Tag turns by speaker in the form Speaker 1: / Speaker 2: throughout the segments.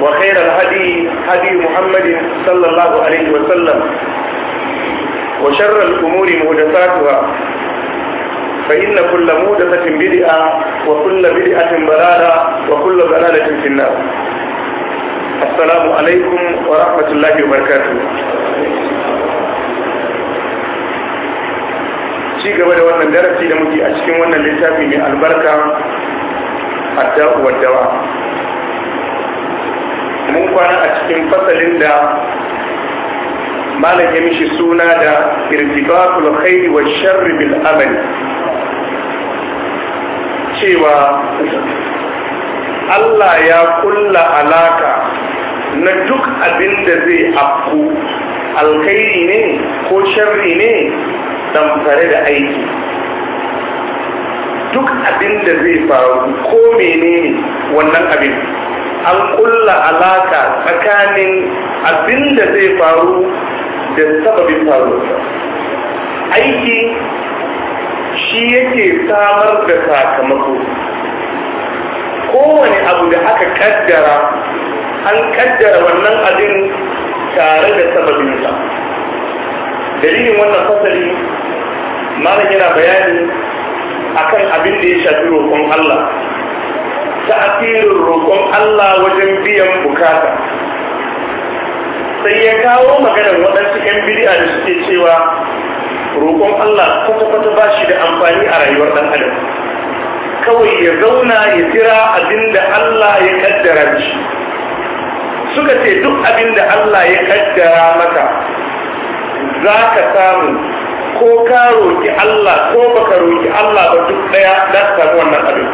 Speaker 1: وخير الهدي هدي محمد صلى الله عليه وسلم وشر الأمور مهدساتها فإن كل مهدسة بدئة وكل بدئة ضلالة وكل ضلالة في النار السلام عليكم ورحمة الله وبركاته ci gaba da wannan darasi da muke a cikin wannan littafi mai albarka a da'uwar dawa mun kwana a cikin fasalin da malam ya mishi suna da irtibatul khairi wa sharri bil amali cewa Allah ya kulla alaka na duk abin da zai afku alkhairi ne ko sharri ne damfare da aiki duk abin da zai faru ko menene wannan abin an kulla alaka tsakanin abin da zai faru da sababin faruwarsa aiki shi yake samar da sakamako kowane abu da aka kaddara an kaddara wannan abin tare da sababinsa dalilin wannan fasali malam yana bayani akan abin da ya shafi roƙon Allah ta'asirin roƙon Allah wajen biyan bukata sai ya kawo maganar waɗansu 'yan bidiya da suke cewa roƙon Allah kwata-kwata ba shi da amfani a rayuwar ɗan adam kawai ya zauna ya jira abin da Allah ya kaddara shi suka ce duk abin da Allah ya kaddara maka za ka samu ko ka roƙi Allah ko baka roƙi Allah ba duk ɗaya za ka samu wannan abin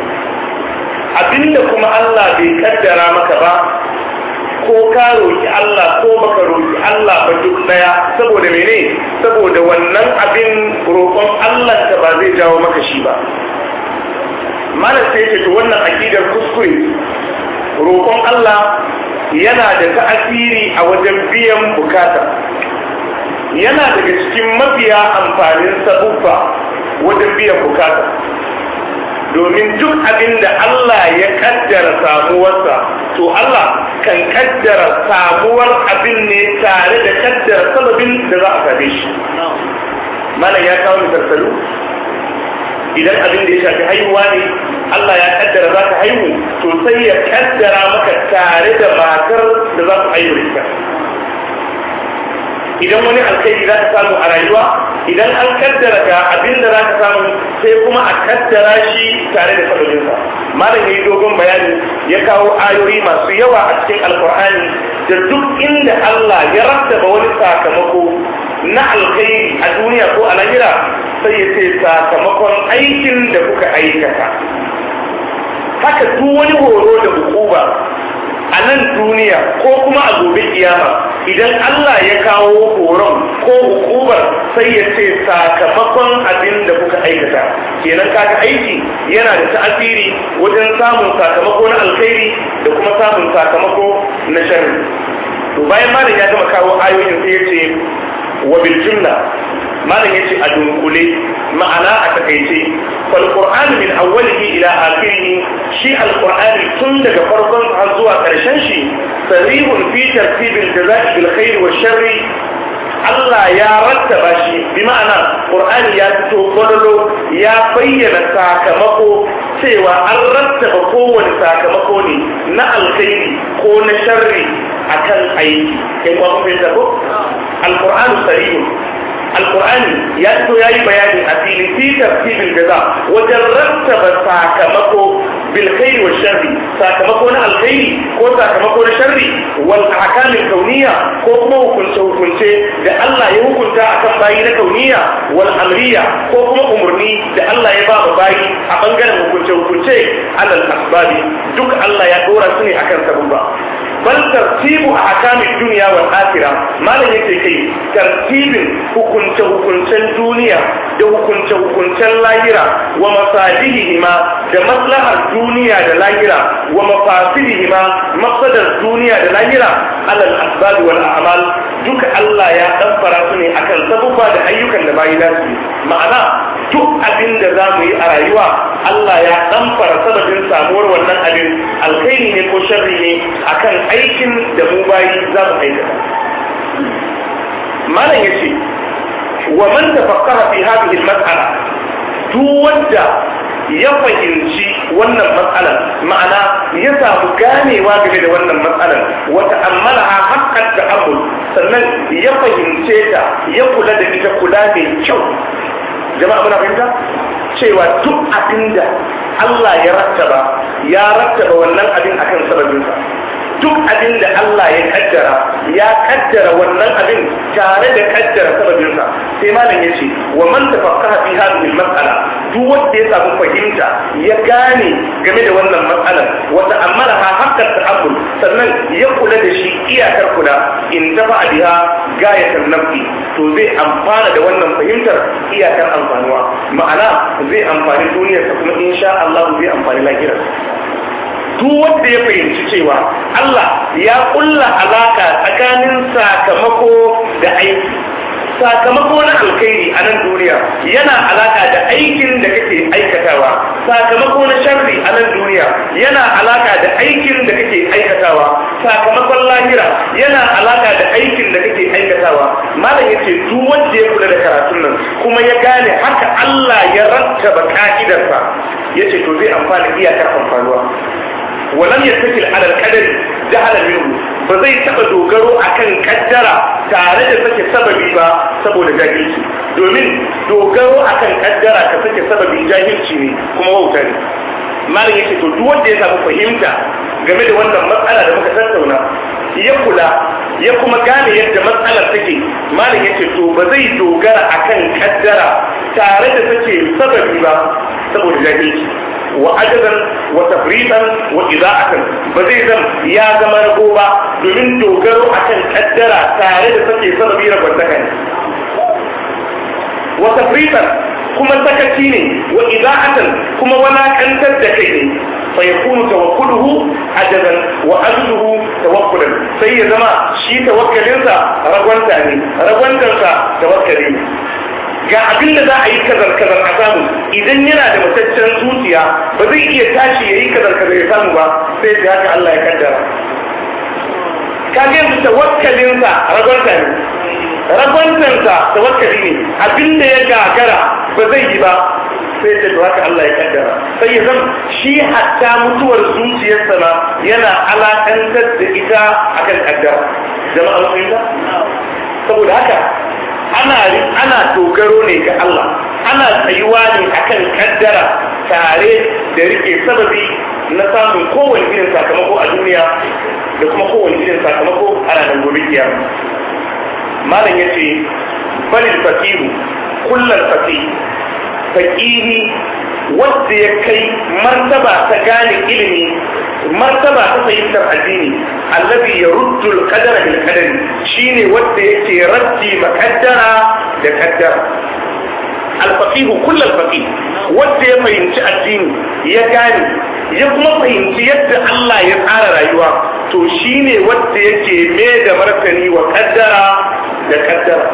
Speaker 1: abinda kuma Allah bai kaddara maka ba ko ka roki Allah ko baka roki Allah ba duk daya saboda mene saboda wannan abin roƙon Allah ka ba zai jawo maka shi ba mana sai ce to wannan akidar kuskure roƙon Allah yana da ta'asiri a wajen biyan bukata yana daga cikin mafiya amfanin sabubba wajen biyan bukata domin duk abin da Allah ya kaddara samuwarsa to Allah kan kaddara samuwar abin ne tare da kaddara sababin da za a same shi malam ya kawo misalsalu idan abin da ya shafi haihuwa ne Allah ya kaddara za ka haihu to sai ya kaddara maka tare da matar da za su haihu idan wani alkhairi za ka samu a rayuwa idan an kaddara ka abin da za ka samu sai kuma a kaddara shi tare da sababinsa malam yayi dogon bayani ya kawo ayoyi masu yawa a cikin alkur'ani da duk inda Allah ya rattaba wani sakamako na alkhairi a duniya ko a lahira sai ya ce sakamakon aikin da kuka aikata haka duk wani horo da hukuma a nan duniya ko kuma a gobe kiyama idan Allah ya kawo horon ko hukumar sai ya ce sakamakon abin da kuka aikata kenan kaga aiki yana da ta'asiri wajen samun sakamako na alkhairi da kuma samun sakamako na sharri to bayan malam ya gama kawo ayoyin sai ya ce wa bil malam yace a dunkule ma'ana a takaice fal qur'an min awwalihi ila akhirih shi al tun daga farkon har zuwa karshen shi sarihun fi al jazaa'i bil khair wa sharri Allah ya rattaba shi bi ma'ana Qur'ani ya fito kodolo ya bayyana sakamako cewa an rattaba kowane sakamako ne na alkhairi ko na sharri akan aiki kai kuma ko Al-Qur'an sarihun alkur'ani ya fito ya yi bayanin a fili fi tafsirin da za wajen rattaba sakamako bilkhairi wa sharri sakamako na alkhairi ko sakamako na sharri wal ahkamin kauniya ko kuma hukunce hukunce da Allah ya hukunta akan bayi na kauniya wal amriya ko kuma umurni da Allah ya ba bayi a bangaren hukunce hukunce alal asbabi duk Allah ya dora su ne akan sabon bal tartibu ad-dunya wal akhirah malam yake kai tartibin hukunta hukuncen duniya da hukunce-hukuncen lahira wa masalihihima da maslahar duniya da lahira wa mafasidihima mafsadar duniya da lahira alal asbab wal a'mal duka Allah ya damfara su ne akan sabubba da ayyukan da bayi nasu ma'ana duk abin da za mu yi a rayuwa Allah ya damfara sababin samuwar wannan abin alkhairi ne ko sharri ne akan aikin da mu bayi za mu aikata malam yace wa man tafakkara fi hadhihi al-mas'ala duk wanda ya fahimci wannan matsalar ma'ana ya samu ganewa game da wannan matsalar wata ammala a haƙƙar da amul sannan ya fahimce ta ya kula da ita kula mai kyau jama'a muna fahimta cewa duk abin da Allah ya rattaba ya rattaba wannan abin akan sababinsa duk abin da Allah ya kaddara ya kaddara wannan abin tare da kaddara sababinsa sai malam ya ce wa man tafakkaha fi hadhihi al-mas'ala duk wanda ya samu fahimta ya gane game da wannan masalar wata amara ha hakkar ta'abbur sannan ya kula da shi iyakar kula in tafa biha gayatan nafi to zai amfana da wannan fahimtar iyakar amfanuwa ma'ana zai amfani duniyarsa kuma insha Allah zai amfani lahirarsa duk wanda ya fahimci cewa Allah ya kulla alaka tsakanin sakamako da aiki sakamako na alkhairi a nan duniya yana alaka da aikin da kake aikatawa sakamako na sharri a nan duniya yana alaka da aikin da kake aikatawa sakamakon lahira yana alaka da aikin da kake aikatawa malam yace duk wanda ya kula da karatun nan kuma ya gane haka Allah ya rattaba ka'idarsa yace to zai amfana iyakar amfanuwa walam ya tafi alal qadar jahalan minhu ba zai taba dogaro akan kaddara tare da sake sababi ba saboda jahilci domin dogaro akan kaddara ka sake sababin jahilci ne kuma wauta ne malam yake to duk wanda ya samu fahimta game da wannan matsala da muka tattauna ya kula ya kuma gane yadda matsalar take malam yake to ba zai dogara akan kaddara tare da take sababi ba saboda jahilci وعجزا وتفريطا وإضاءة بزي يا زمان قوبا بمن توقروا أكن قدرة تاريخ سكي سببي ربا وتفريطا كما سكتيني وإضاءة كما ولا أنت دكيني فيكون توكله عجزا وأجله توكلا سيد ما شي توكلنسا رغوانتا ني توكلين ga abin da za a yi kazar kazar a samu idan yana da mataccen zuciya ba zai iya tashi ya yi kazar kazar ya samu ba sai da haka Allah ya kaddara kage yanzu tawakkalinsa ragonta ne ragontansa tawakkali ne abin da ya gagara ba zai yi ba sai da haka Allah ya kaddara sai ya zama shi hatta mutuwar zuciyarsa ma yana alakantar da ita akan kaddara jama'a mun saboda haka ana dogaro ne ga Allah ana tsayuwa ne akan kaddara tare da rike sababi na samun kowane irin sakamako a duniya da kuma kowane irin sakamako a ranar gobe kiyama malam yace balil fasihu, kullal fasihu. faƙiri wadda ya kai martaba ta gane ilimi martaba ta fahimtar addini allazi ya ruddul kadara bil kadari shine wadda yake raddi makaddara da kaddara alfaqihu kull alfaqih wadda ya fahimci addini ya gane ya kuma fahimci yadda Allah ya tsara rayuwa to shine wanda yake mai da martani wa kaddara da kaddara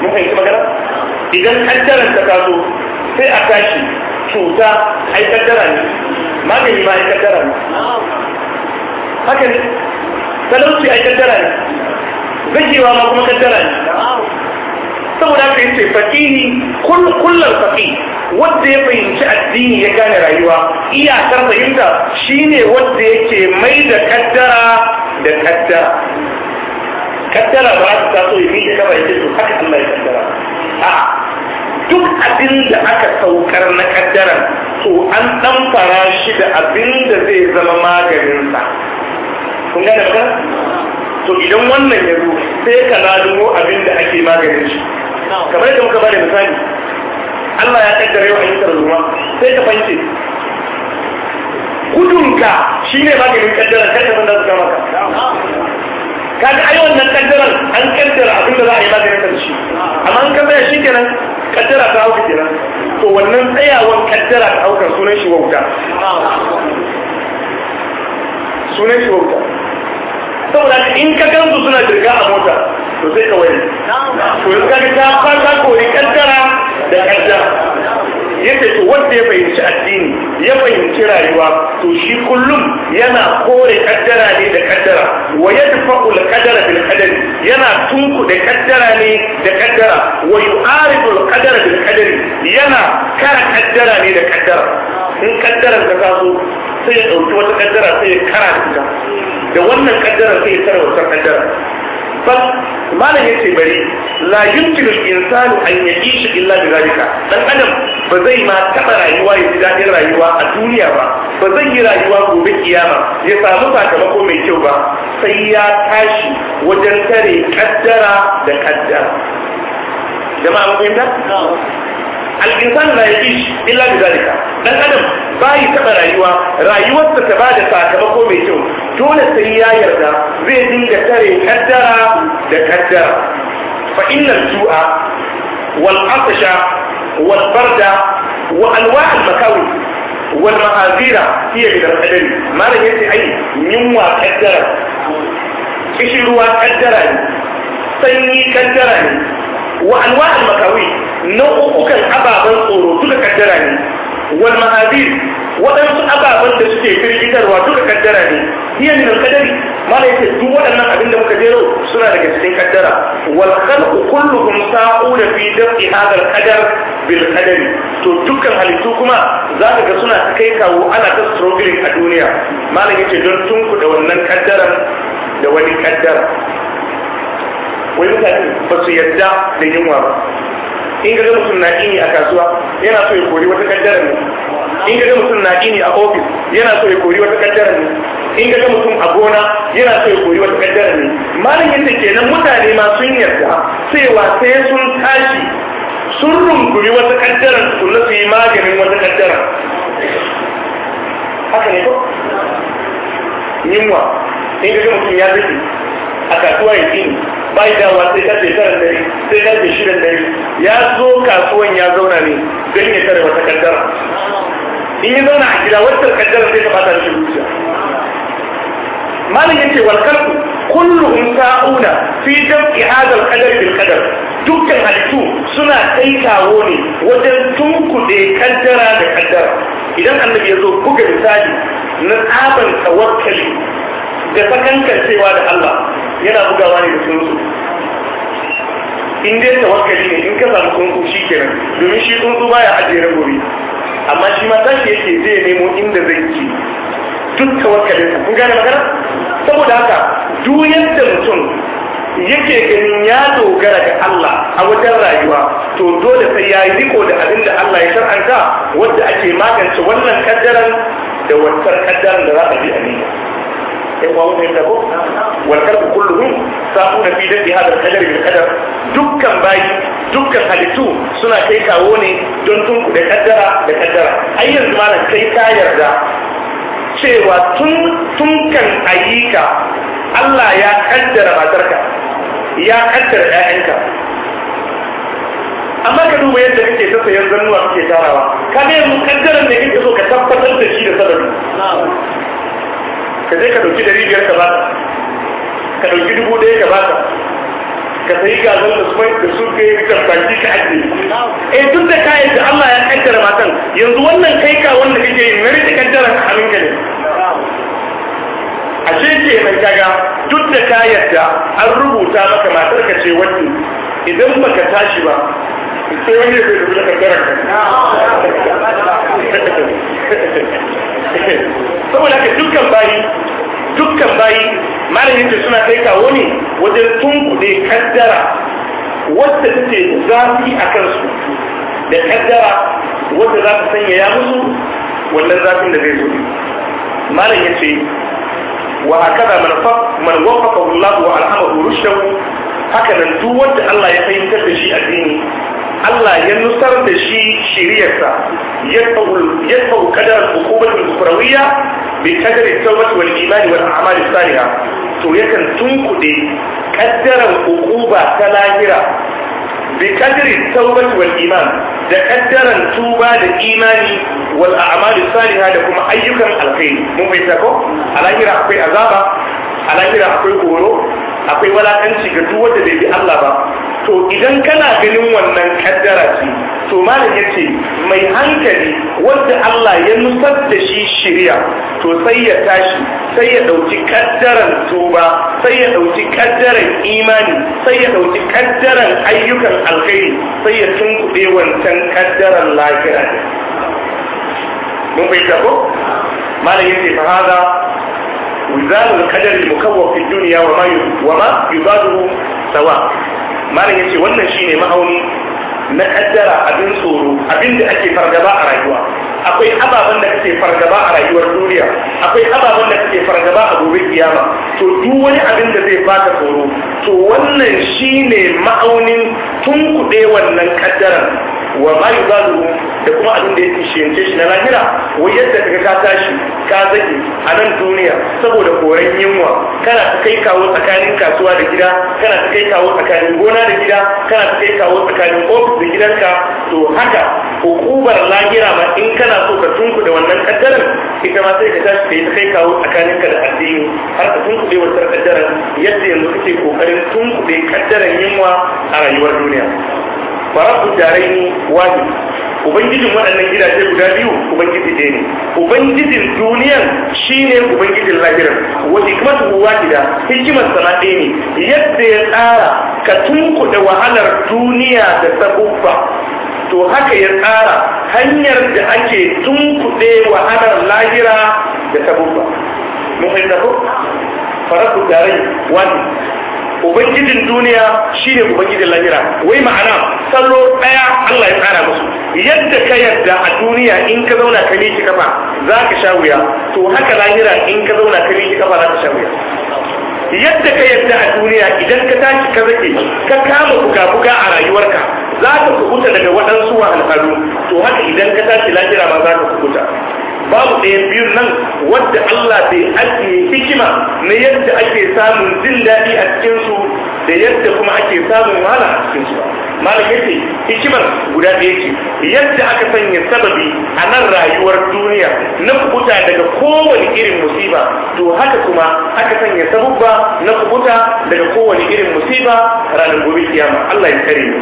Speaker 1: mun fahimci magana idan kaddaran ta taso sai a tashi cuta a yi kaddara ne magani ma a yi kaddara ne haka ne talauci yi kaddara ne zakewa ma kuma kaddara ne saboda haka yace faqihi kullal faqih wanda ya fahimci addini ya gane rayuwa iyakar fahimta shine wanda yake mai da kaddara da kaddara kaddara ba ta so yi ka bai ce to haka Allah ya kaddara a duk abin da aka saukar na kaddaran to an dan fara shi da abin da zai zama sa kun ga ka to idan wannan ya zo sai ka lalubo abin da ake maganin shi kamar da muka bada misali Allah ya kaddare wa ayyukan ruwa sai ka fanke gudunka shine maganin kaddara kada ka san da su maka kaga ayi wannan kaddara an kaddara abin da za a yi maganin da shi amma an kaddara shi kenan kaddara ta hauka kenan to wannan tsayawan kaddara ta hauka sunan shi wauta sunan shi wauta saboda in ka gansu suna jirga a mota to sai ka waye to yanzu kaga ta fata kori kaddara da kaddara yace to wanda ya fahimci addini ya fahimci rayuwa to shi kullum yana kore kaddara ne da kaddara wa yadfa'u al-qadara bil kadari yana tunku da kaddara ne da kaddara wa yu'aridu al-qadara bil kadari yana kara kaddara ne da kaddara in kaddaran ka taso sai ya dauki wata kaddara sai ya kara ta da wannan kaddara sai ya tarwata kaddara bal ya ce bari la yumkinu insanu an ya'isha illa bi zalika dan adam ba zai ma taba rayuwa ya ji dadin rayuwa a duniya ba ba zai yi rayuwa gobe kiyama ya samu sakamako mai kyau ba sai ya tashi wajen tare kaddara da kaddara jama'a mun fahimta الإنسان لا يعيش إلا بذلك بل أدم باي تبا رأيوا رأيوا تتبادى ساكبكو ميتو دون السيئة يرد زي دين دكتري كدرا دكترا فإن السوء والعطش والبرد وأنواع المكاوي والمعاذير هي من القدر ما رجعت أي يموى كدرا إيش الروا كدرا سيني كدرا وأنواع المكاوي nau'ukan ababen tsoro duka kaddara ne wal mahazir waɗansu ababen da suke firgitarwa duka kaddara ne hiyan nan kadari mana yake duk waɗannan abin da muka jero suna daga cikin kaddara wal khalqu kulluhum sa'una fi daf'i hadal qadar bil qadari to dukkan halittu kuma za ka ga suna kai kawo ana ta struggling a duniya mana yake don tunku da wannan kaddaran da wani kaddara wai mutane ba su yarda da yunwa ba in ga mutum na ini a kasuwa yana so ya kori wata kaddara ne in ga mutum na ini a ofis yana so ya kori wata kaddara ne in ga mutum a gona yana so ya kori wata kaddara ne malamin da kenan mutane ma sun yarda cewa sai sun tashi sun rungumi wata kaddara su na su yi maganin wata kaddara haka ne ko yunwa in ga mutum ya zaki a kasuwa ya ba bai dawa sai ce tara dare sai ce shirin dare ya zo kasuwan ya zauna ne don ya tara wata kaddara in yi zauna a gida wata kaddara sai ta fata da shirin zuciya malin yace wal kullu in sa'una fi jam'i hadha al qadar bil qadar dukkan halittu suna taikawo ne wajen tunkuɗe kaddara da kaddara idan annabi ya zo buga misali na tsaban tawakkali da sakankancewa da Allah yana bugawa ne da tsuntsu in dai tawakkali ne in ka samu tsuntsu shi kenan domin shi tsuntsu baya ajiye na gobe amma shi ma tashi yake zai nemo inda zai ci duk tawakkalin kun gane magana saboda haka duk yadda mutum yake ganin ya dogara ga Allah a wajen rayuwa to dole sai ya yi riko da abin da Allah ya shar'anta wadda ake magance wannan kaddaran da wancan kaddaran da za a bi a niyya sai kuwa mun fahimta ko wal kalbu kulluhum sa'una fi dadi hada al-qadar bil qadar dukkan bayi dukkan halittu suna kai kawo ne don tun da kaddara da kaddara ai yanzu malam kai ka yarda cewa tun tun kan ayyuka Allah ya kaddara matarka ya kaddara ƴaƴanka amma ka duba yadda kake ta sayan zannuwa kake tarawa ka ne mu kaddaran da kake so ka tabbatar da shi da sababi ka zai ka ɗauki ɗari biyar ka ba ka ɗauki dubu ɗaya ka ba ka sayi gazon da su da su ka yi tabbaki ka ake eh duk da kayan da Allah ya kaddara matan yanzu wannan kai ka wanda kake yi mai da kaddara a hannunka ne a ce ke mai kaga duk da ka yadda an rubuta maka matar ka ce wani idan baka tashi ba sai wani zai rubuta kaddara saboda ka dukkan bayi dukkan bayi malamin da suna kai kawo ne wajen tunkuɗe kaddara wadda take zafi a kansu da kaddara wadda za ta sanya ya musu wannan zafin da zai zo malam ya ce wa hakaza man wafaqa Allah wa alhamahu rushdahu haka nan duk wanda Allah ya fahimtar da shi addini Allah ya nusar da shi shiriyarsa ya tau kadar hukumatul kufrawiya bi kadari tawbat wal iman wal a'mal salihah to yakan tunkude kaddaran hukuma ta lahira bi kadari tawbat wal iman da kaddaran tuba da imani wal a'mal salihah da kuma ayyukan alkhairi mun fahimta ko a lahira akwai azaba a lahira akwai horo akwai walakanci ga duk wanda bai bi Allah ba to idan kana ganin wannan kaddara ce to malam yace mai hankali wanda Allah ya nusar da shi shiriya to sai ya tashi sai ya dauki kaddaran toba, sai ya dauki kaddaran imani sai ya dauki kaddaran ayyukan alkhairi sai ya tunkuɗe wancan kaddaran lahira mun bai ko malam yace fa hada wizarul kadari mukawwa fi duniya wa ma wa sawa malam yace wannan shine ma'auni na kaddara abin tsoro abin da ake fargaba a rayuwa akwai ababen da kake fargaba a rayuwar duniya akwai ababen da ake fargaba a gobe kiyama to duk wani abin da zai baka tsoro to wannan shine ma'aunin kuɗe wannan kaddaran wa ma yuzalu da kuma abin da yake shiyance shi na lahira wai yadda kaga ka tashi ka zaki a nan duniya saboda koren yunwa kana ta kai kawo tsakanin kasuwa da gida kana ta kai kawo tsakanin gona da gida kana ta kai kawo tsakanin ofis da gidanka to haka hukubar lahira ma in kana so ka tunku da wannan kaddaran ita ma sai ka tashi yi ta kai kawo tsakaninka da addini har ka tunku da wannan kaddaran yadda yanzu kake kokarin tunku da kaddaran yunwa a rayuwar duniya farabu jarai wani ubangijin waɗannan gidaje guda biyu ubangiji ɗaya ne ubangijin duniyan shine ubangijin Wani kuma su ruwa gida hikimar sana ɗaya ne yadda ya tsara ka tunkuɗe wahalar duniya da sabubba to haka ya tsara hanyar da ake tunkuɗe wahalar lahira da sabubba mun fahimta ko farabu jarai wani ubangijin duniya shine ubangijin lahira wai ma'ana sallo daya Allah ya tsara musu yadda ka yadda a duniya in ka zauna ka miki kafa za ka sha wuya to haka lahira in ka zauna ka miki kafa za ka sha wuya yadda ka yadda a duniya idan ka tashi ka zake ka kama fuka-fuka a rayuwarka za ka kubuta daga waɗansu wa wahalhalu to haka idan ka tashi lahira ba za ka kubuta babu ɗaya biyun nan wadda Allah bai ake hikima na yadda ake samun jin daɗi a cikinsu da yadda kuma ake samun wahala a cikinsu ba malam ce, hikimar guda ɗaya ce yadda aka sanya sababi a nan rayuwar duniya na kubuta daga kowane irin musiba to haka kuma aka sanya sababba na kubuta daga kowane irin musiba ranar gobe kiyama Allah ya kare mu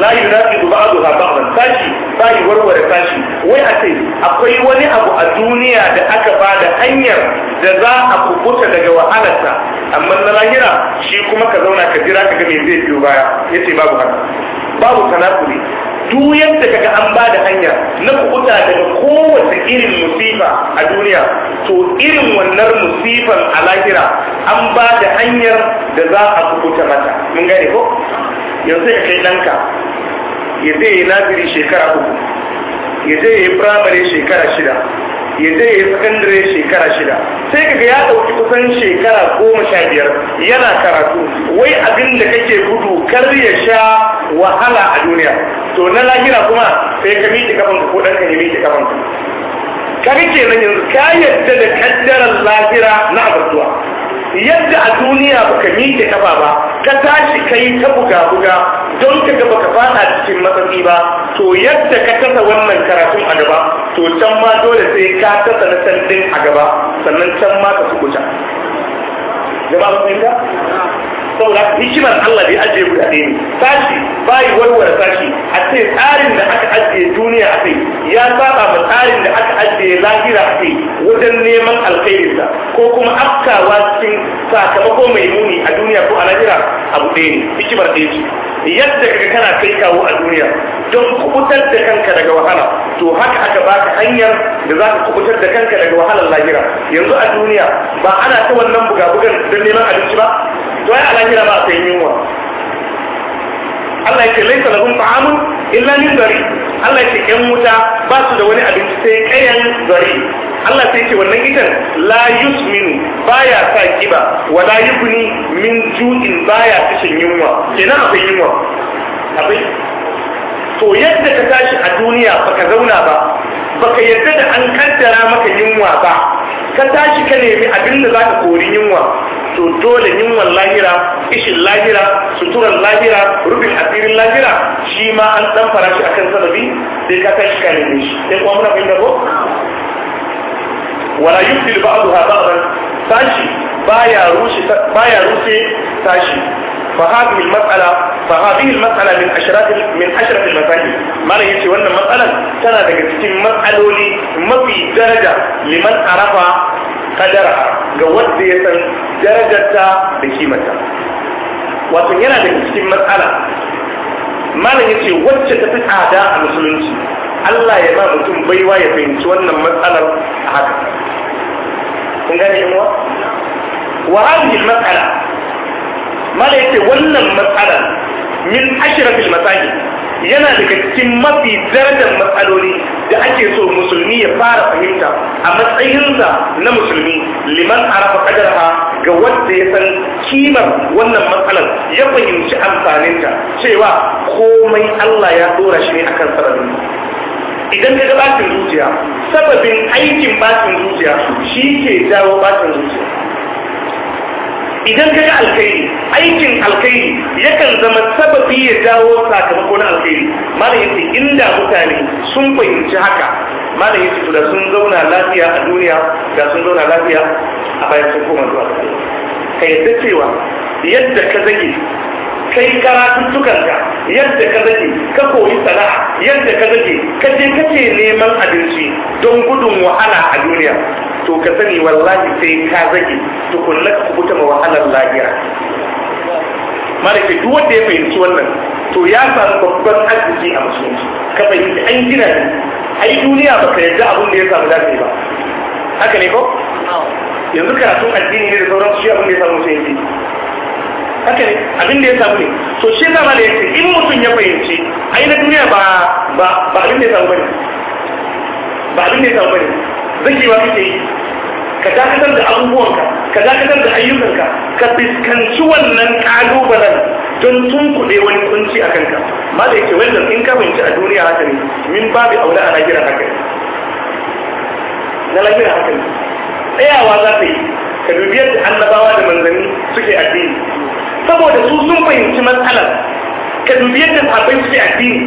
Speaker 1: la yunaqidu ba'daha ba'dan sashi yi warware sashi wai a ce akwai wani abu a duniya da aka ba da hanyar da za a kubuta daga wahalarsa amma na lahira shi kuma ka zauna ka jira ka ga me zai biyo baya yace babu haka babu tanakuli duk yadda kaga an ba da hanya na kubuta daga kowace irin musifa a duniya to irin wannan musifan a lahira an ba da hanyar da za a kubuta mata mun gane ko yanzu ya kai ɗanka ya zai yi labiri shekara uku ya zai yi firamare shekara shida ya zai yi sakandare shekara shida sai kaga ya ɗauki kusan shekara goma sha biyar yana karatu wai abin da kake gudu kar ya sha wahala a duniya to na lahira kuma sai ka miƙe kafan ka ko ɗanka ya miƙe kafan kafanka kar kenan yanzu ka yadda da kaddarar lahira na abartuwa yadda a duniya baka miƙe kafa ba ka tashi kai ta buga-buga don ka ga baka fada cikin matsatsi ba to yadda ka tasa wannan karatun a gaba to can ma dole sai ka tasa na sandin a gaba sannan can ma ka sukuta gaba ba fahimta saboda hikimar Allah bai ajiye guda ɗaya ne sashi bai warware sashi a ce tsarin da aka ajiye duniya a kai ya saba ma tsarin da aka ajiye lahira a kai wajen neman alkhairi ko kuma afkawa cikin sakamako mai muni a duniya ko a lahira abu ɗaya ne hikimar ɗaya ce yadda kaga kana kai kawo a duniya don kubutar da kanka daga wahala to haka aka baka hanyar da za ka kubutar da kanka daga wahalar lahira yanzu a duniya ba ana ta wannan buga-bugan don neman abinci ba to ai a lahira ba a sayin yunwa Allah yake laisa lahum ta'amun illa min dari Allah yake ƴan wuta ba su da wani abinci sai kayan zari Allah sai yake wannan itan la yusminu baya sa kiba wala yubni min ju'in baya kishin yunwa kenan akwai yunwa akwai to yadda ka tashi a duniya baka zauna ba baka yadda da an kaddara maka yunwa ba ka tashi ka nemi abin da ka kori yunwa to dole yunwan lahira ishin lahira suturan lahira rubin asirin lahira shi ma an dan fara shi akan sababi sai ka tashi ka nemi shi sai kuma muna bin ko wala yubtil ba'daha ba'dan sashi baya rushe baya rushe sashi فهذه المسألة فهذه المسألة من أشراف من أشرف المسائل ما لا يجي وأن مسألة تنا دقت مسألة لي ما في درجة لمن عرف قدرها جوات ديتا درجتها بقيمتها wato yana da cikin matsala malam yace wacce ta fi tsada a musulunci Allah ya ba mutum baiwa ya fahimci wannan matsalar a haka kun gane mu wa hadhihi matsala mala yace wannan matsalar min ashrafil masaji yana daga cikin mafi darajar matsaloli da ake so musulmi ya fara fahimta a matsayinsa na musulmi liman arafa kadarha ga wanda ya san kimar wannan matsalar ya fahimci amfaninta cewa komai Allah ya dora shi ne akan sarari idan ka ga batun zuciya sababin aikin batun zuciya shi ke jawo batun zuciya idan ka ga alkhairi aikin alkhairi yakan zama sababi ya jawo sakamako na alkhairi malam yace inda mutane sun fahimci haka mana yace da sun zauna lafiya a duniya da sun zauna lafiya a bayan sun koma zuwa ka yadda cewa yadda ka zage kai karatuttukanka yadda ka zage ka koyi sana'a yadda ka zage ka je ce neman abinci don gudun wahala a duniya to ka sani wallahi sai ka zage tukunna ka kubuta ma wahalar lahira malaka duk wanda ya fahimci wannan to ya samu babban arziki a musulunci ka fahimci an gina ne ai duniya ba, ka yarda abin da ya samu dace ba haka ne ko yanzu karatun addini ne da sauran su shi abin da ya samu musulunci haka ne abin da ya samu ne to shi zama da yace in mutum ya fahimci ai na duniya ba ba abin da ya samu ba ne, ba abin da ya samu ba ne zaki ba kake yi ka dakatar da abubuwanka ka dakatar da ayyukanka ka fiskanci wannan kalubalen don tun kuɗe wani kunci a kanka ma da yake wanda in ka a duniya haka ne min babu aure a lahira haka ne na lagira haka ne tsayawa za ta yi ka dubi yadda annabawa da manzanni suke addini saboda su sun fahimci matsalar ka dubi yadda sabai suke addini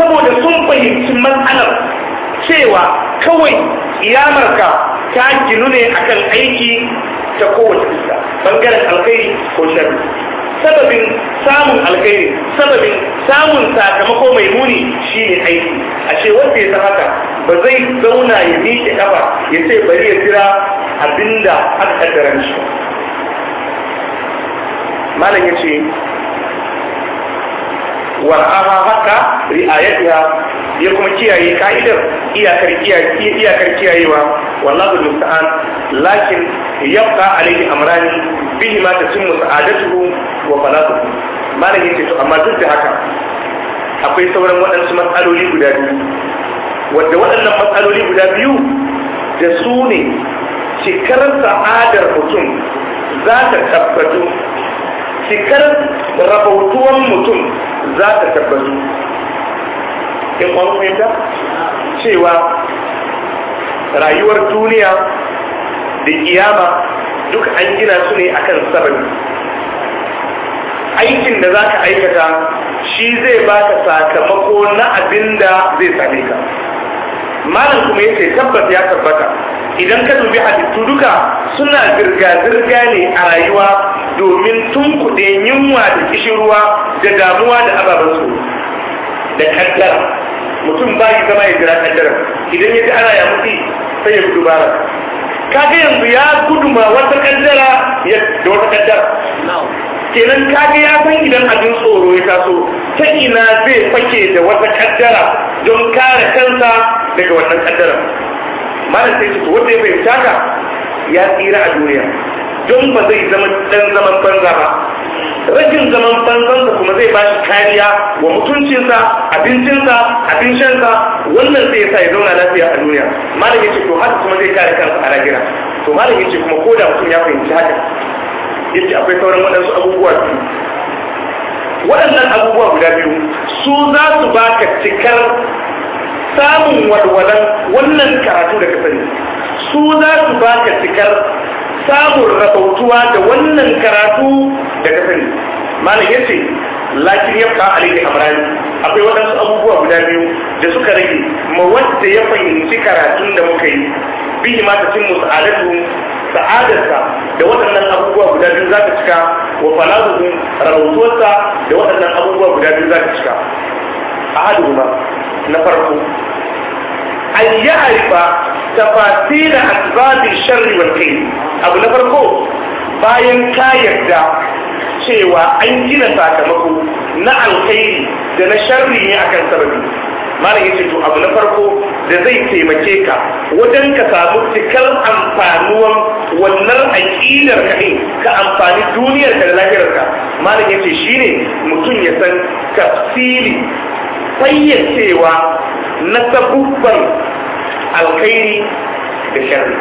Speaker 1: saboda sun fahimci matsalar cewa kawai iyamarka ta ginu ne akan aiki ta kowace fuska bangaren alkhairi ko sharri sababin samun alkhairi sababin samun sakamako mai muni shine aiki a ce wanda ya san haka ba zai zauna ya miƙe kafa ya ce bari ya jira abinda aka kaddara shi malam ya ce war'aha haka ri'ayatiha ya kuma kiyaye ka'idar iyakar iyakar kiyayewa wallahu musta'an lakin yabqa alayhi amrani bihi ma tatimmu sa'adatuhu wa falahuhu malam yace to amma duk da haka akwai sauran waɗansu matsaloli guda biyu wadda waɗannan matsaloli guda biyu da su ne cikar sa'adar mutum za ta tabbatu cikar rabautuwan mutum za ta tabbatu in an cewa rayuwar duniya da kiyama duk an gina su ne akan sababi aikin da za ka aikata shi zai baka sakamako na abin da zai same ka malam kuma yace tabbas ya tabbata idan ka dubi halittu duka suna zirga-zirga ne a rayuwa domin tunkuɗe yunwa da kishirwa da damuwa da ababen da kaddara mutum ba bayi zama ya jira kaddara idan ya ji ana ya mutu sai ya gudu bara kaga yanzu ya gudu ma wata kaddara da wata kaddara kenan kaga ya san idan abin tsoro ya taso ta ina zai fake da wata kaddara don kare kansa daga wannan kaddara malam sai su wanda ya fahimta ka ya tsira a duniya don ba zai zama dan zaman banza ba rajin zaman banzan da kuma zai ba shi kariya wa mutuncinsa abincinsa abin shansa wannan zai sa ya zauna lafiya a duniya malam ya ce to haka kuma zai kare kansa a ragira to malam ya ce kuma ko da mutum ya fahimci haka ya ce akwai sauran waɗansu abubuwa biyu waɗannan abubuwa guda biyu su za su baka cikar samun walwalan wannan karatu da kasani su za su baka cikar samun rabautuwa da wannan karatu da kasani malam ya ce lakin ya fa alayhi amrani akwai waɗansu abubuwa guda biyu da suka rage ma wanda ya fahimci karatun da muka yi bihi ma tatimmu sa'adatu sa'adarsa da waɗannan abubuwa guda biyu za ta cika wa falazuhu rawatuwarsa da waɗannan abubuwa guda biyu za ta cika A ahaduhuma na farko an yi ya'rifa tafasil asibabin sharri wal kai. abu na farko bayan ka yarda cewa an gina sakamako na alkhairi da na sharri ne akan sababi malam yace to abu na farko da zai taimake ka wajen ka samu cikar amfanuwan wannan aqidar ka ne ka amfani duniyar ka da lafiyar ka malam yace shine mutum ya san tafsiri fayyacewa na sabubban alkhairi da sharri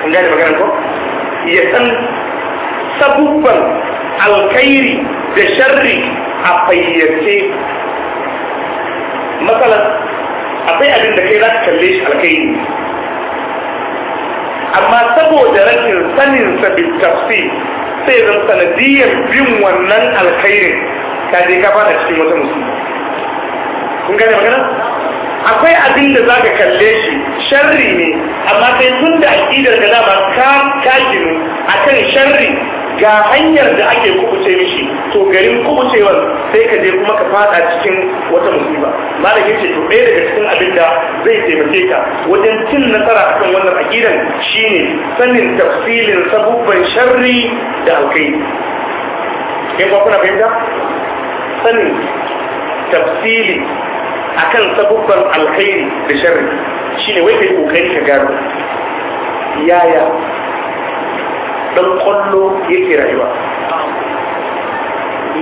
Speaker 1: kun gane maganar ko ya san sabubban alkhairi da sharri a fayyace matsalar akwai abin da kai za ka kalle shi alkhairi amma saboda rashin sanin bin tafsi sai zan sanadiyar bin wannan alkhairin ka je ka fada cikin wata musulmi kun gane magana akwai abin da za ka kalle shi sharri ne amma sai tun da aƙidar ka dama ka a akan sharri ga hanyar da ake kubuce mishi to garin kubucewar sai ka je kuma ka fada cikin wata musiba malami ce to ɗaya daga cikin abin da zai taimake ka wajen cin nasara akan wannan aqidan shine sanin tafsilin sabubban sharri da alkai ba kuna fahimta sanin akan sabubban alkhairi da sharri shine wai kai kokari ka gano yaya dan kwallo yake rayuwa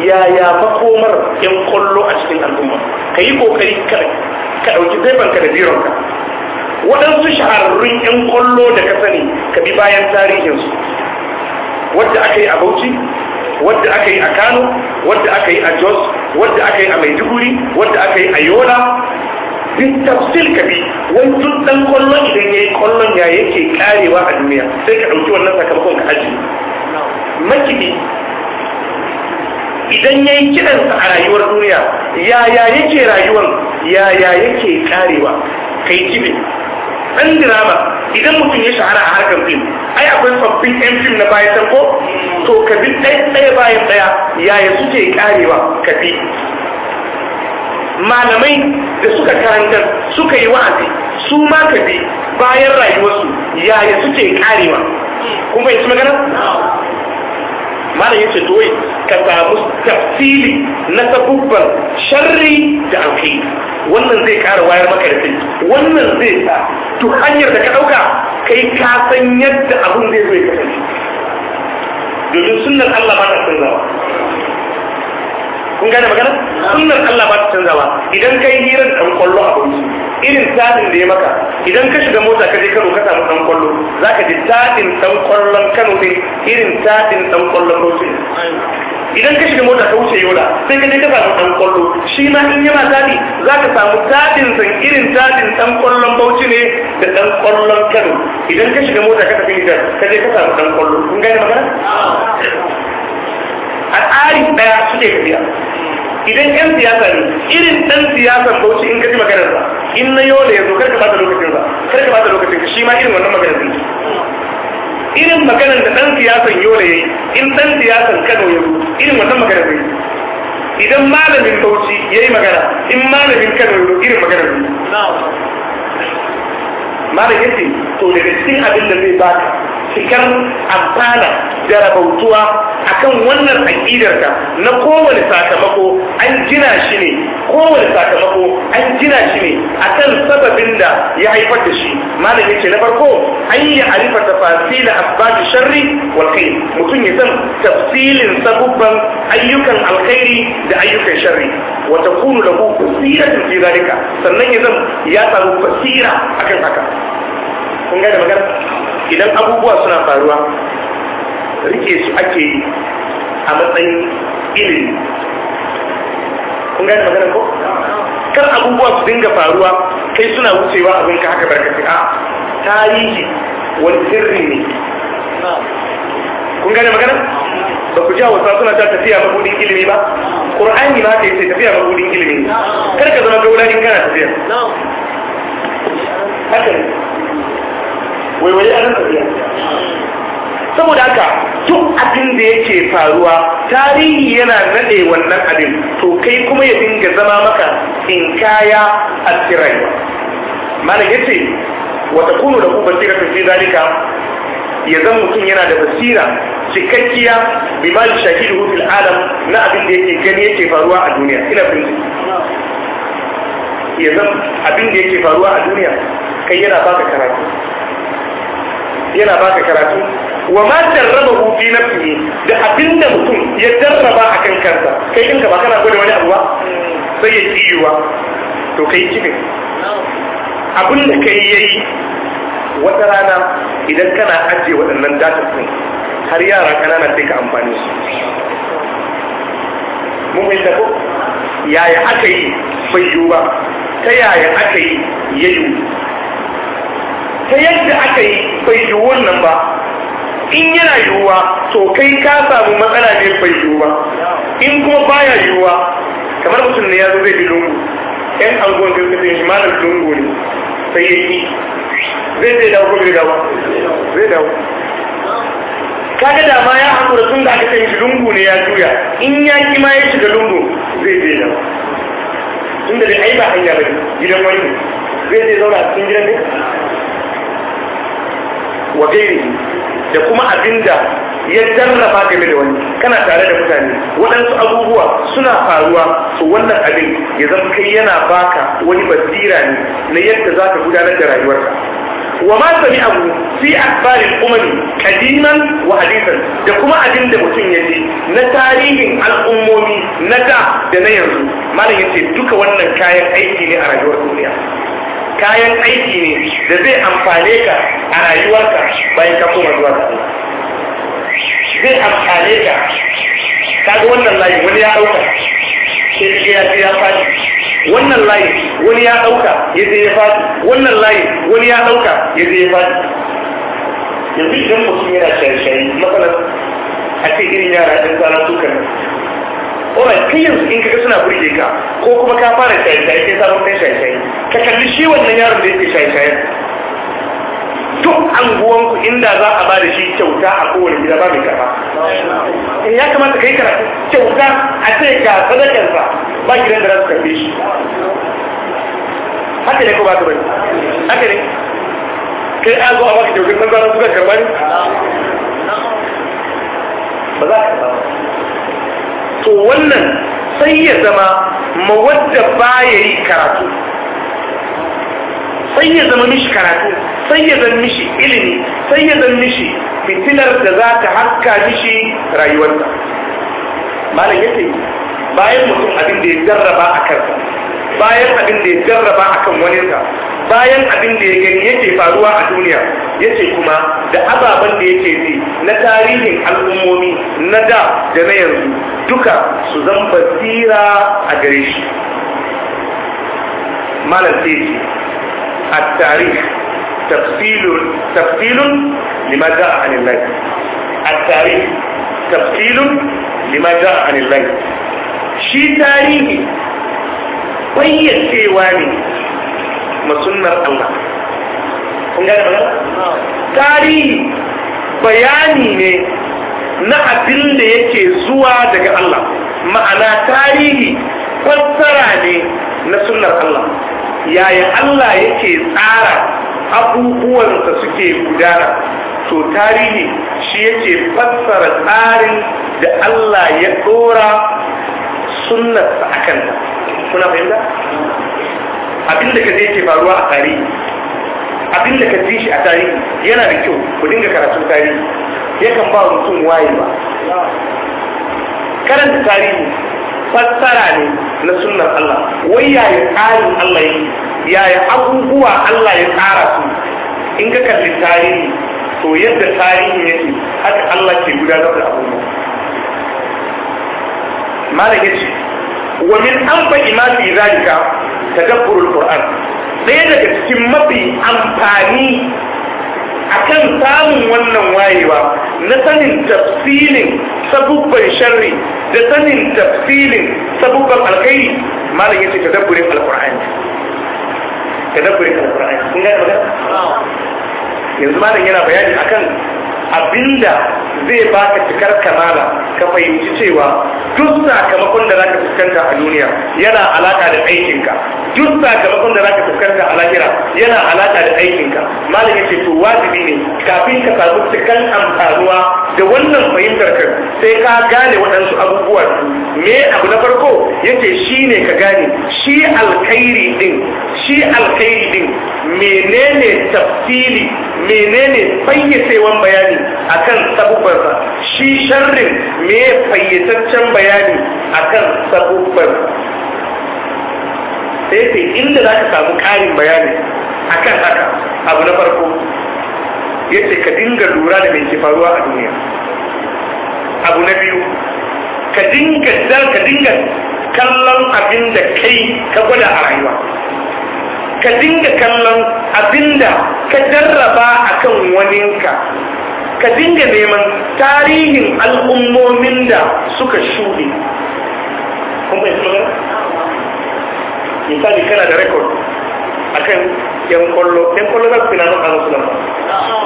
Speaker 1: yaya makomar yan kwallo a cikin al'umma ka yi kokari ka ɗauki taifanka da bironka waɗansu shahararrun yan kwallo da ka sani ka bi bayan tarihinsu wadda aka yi a bauchi wadda aka yi a kano wadda aka yi a jos wadda aka yi a maiduguri wadda aka yi a yola duk tafsir ka bi wani duk dan kwallon idan ya yi kwallon ya yake karewa a duniya sai ka ɗauki wannan sakamakon ka aji makiɗi idan ya yi kiɗansa a rayuwar duniya yaya yake rayuwar yaya yake karewa kai kibe, ɗan dirama idan mutum ya shahara a harkar fim ai akwai sabbin yan fim na bayan sarko to ka bi ɗaya bayan ɗaya yaya suke karewa ka bi malamai da suka karantar suka yi wa'azi su ma ka bi bayan rayuwarsu yaya suke karewa kuma yanzu magana malam yace wai ka samu tafsili na sabubban sharri da alkhairi wannan zai kara wayar maka da kai wannan zai sa to hanyar da ka ɗauka kai ka san yadda abun zai zo ya kasance domin sunnar Allah ba ta canzawa kun gane magana sunnar Allah ba ta canza ba idan kai hirar dan kwallo a gunki irin tadin da ya maka idan ka shiga mota ka je Kano ka samu dan kwallo zaka ji tadin dan kwallon Kano ne irin tadin dan kwallon Bauchi idan ka shiga mota ka wuce yola sai ka je ka samu dan kwallo shi ma in yi yana tadi zaka samu tadin san irin tadin dan kwallon Bauchi ne da dan kwallon Kano idan ka shiga mota ka tafi Nijar ka je ka samu dan kwallo kun gane magana a daya suke tafiya idan yan siyasa ne irin siyasa siyasan shi in kaji maganar sa in na yau da yanzu zo karka bata lokacin sa karka bata lokacin shi ma irin wannan maganar ne irin maganar da dan siyasan yau da yayi in dan siyasan kano yau irin wannan maganar ne idan malamin bauchi ya yi magana in malamin kano yau irin maganar ne malam yace to daga cikin abin da zai baka cikar amfana da rabautuwa akan wannan aƙidarka na kowane sakamako an gina shi ne kowane sakamako an gina shi ne a kan sababin da ya haifar da shi malam yace na farko an yi alifa tafasil asbab sharri wal mutum ya san tafsilin sabubban ayyukan alkhairi da ayyukan sharri Wata da ku lahu basiratu fi zalika sannan ya zan ya samu basira akan haka kun ga da magana idan abubuwa suna faruwa rike su ake yi a matsayin ilimi kun gane magana ko kan abubuwa su dinga faruwa kai suna wucewa abin ka haka barkati a tarihi wani sirri ne kun gane magana ba ku jawo sa suna ta tafiya gudun ilimi ba qur'ani ba ta yace tafiya gudun ilimi kar ka zama gaurarin kana tafiya haka waiwaye a nan tafiya saboda haka duk abin da yake faruwa tarihi yana nade wannan abin to kai kuma ya dinga zama maka in kaya a tsiraiwa mana yace wa takunu lahu basiratu fi zalika ya zan mutum yana da basira cikakkiya bi ma shahidu fil alam na abin da yake gani yake faruwa a duniya ina bin ya zan abin da yake faruwa a duniya kai yana baka karatu yana baka karatu wa ma jarrabahu fi nafsihi da abin da mutum ya jarraba a kan kansa kai in ka ba kana gwada wani abu ba sai ya ji yiwa to kai kifin abin da kai yayi wata rana idan kana ajiye waɗannan data ɗin har yara ƙanana sai ka amfani su mun fahimta ko yaya aka yi bai yiwu ba ta yaya aka yi ya yiwu ta yadda aka yi bai yiwu wannan ba in yana yiwuwa to kai ka samu matsala ne bai yiwu ba in kuma baya yiwuwa kamar mutum ne ya zo zai bi lungu yan angon gaskata shi malar lungu ne sai ya yi zai zai dawo ko bai zai dawo kaga da ma ya hakura sun da aka ce shi lungu ne ya juya in ya ki ma ya shiga lungu zai zai dawo tun da ai ba hanya bane gidan wani zai zai zaura a cikin gidan ne wa gairi da kuma abinda ya jarraba game da wani kana tare da mutane waɗansu abubuwa suna faruwa su wannan abin ya zama kai yana baka wani basira ne na yadda za ka gudanar da rayuwarka wa ma sami abu fi akbarin umami kadiman wa hadisan da kuma abin da mutum ya ji na tarihin al'ummomi na da da na yanzu malam yace duka wannan kayan aiki ne a rayuwar duniya kayan aiki ne da zai amfane ka a rayuwarka bayan ka koma zuwa ga Allah zai amfane ka kaga wannan layi wani ya dauka sai ya ya fadi wannan layi wani ya dauka ya je ya fadi wannan layi wani ya dauka ya je ya fadi yanzu idan mutum yana shayi-shayi matsalar a ce irin yara ɗin tsara sukan ora kai yanzu in kaga suna burge ka ko kuma ka fara shayi-shayi sai sabon kai shayi ka kalli shi wannan yaron da yake shayi-shayi duk anguwanku inda za a ba da shi kyauta a kowane gida ba mai karba in eh, ya kamata ka yi karatu kyauta a ce ga sadakarsa ba gidan da rasu karfe shi haka ne ko ba su bari haka ne kai an zo a baka kyautar nan zaran suka karba ne ba za ka to wannan sai ya zama mawadda ba ya yi karatu sai ya zama mishi karatu sai ya zama mishi ilimi sai ya zama mishi fitilar da za ta haska mishi rayuwarsa malam ya ce bayan mutum abin da ya jarraba a kansa bayan abin da ya jarraba a kan waninsa bayan abin da ya gani yake faruwa a duniya yake kuma da ababen da yake ji na tarihin al'ummomi na da da na yanzu duka su zan basira a gare shi malam sai التاريخ تفصيل تفصيل لما جاء عن الله التاريخ تفصيل لما جاء عن الله شي تاريخي وهي ne masunnar Allah kun gane ba tarihi na abin da yake zuwa daga Allah ma'ana tarihi fassara ne na sunnar Allah yaya Allah yake tsara abubuwansa suke gudana to tarihi shi yake fassara tsarin da Allah ya dora sunnarsa a kanta kuna fahimta abin ka kaje ke faruwa a tarihi da ka ji shi a tarihi yana da kyau ku dinga karatun tarihi yakan ba mutum waye ba. karanta tarihi fassara ne na sunnar Allah wai yayi tsarin Allah yake yaya abubuwa Allah ya tsara su in ka kalli tarihi to yadda tarihi yake haka Allah ke gudanar da abubuwa malaka ce wa min anfa imani zalika tadabbur alquran ɗaya daga cikin mafi amfani akan samun wannan wayewa na sanin tafsilin sabubban sharri da sanin tafsilin sabubban alkhairi malam yace tadabburin alqur'ani tadabburin alqur'ani kun ga magana yanzu malam yana bayani akan abinda zai baka cikar kamala ka fahimci cewa duk sakamakon da zaka fuskanta a duniya yana alaka da aikinka duk sakamakon da zaka fuskanta a lahira yana alaka da aikinka malam yace to wajibi ne kafin ka samu cikan amfaruwa da wannan fahimtar ka sai ka gane waɗansu abubuwa me abu na farko yace shine ka gane shi alkhairi din shi alkhairi din menene tafsili menene fayyacewan bayani akan sabubbansa shi sharrin me fayyataccen bayani akan sabubar sai sai inda za ka samu ƙarin bayani akan haka abu na farko yace ka dinga lura da mai ke faruwa a duniya abu na biyu ka dinga ka dinga kallon abin da kai ka gwada a rayuwa ka dinga kallon abinda ka jarraba a kan waninka ka dinga neman tarihin al'ummomin da suka shuɗe misali kana da rekod kan yan kwallo yan kwallo za su fi na nan ƙasa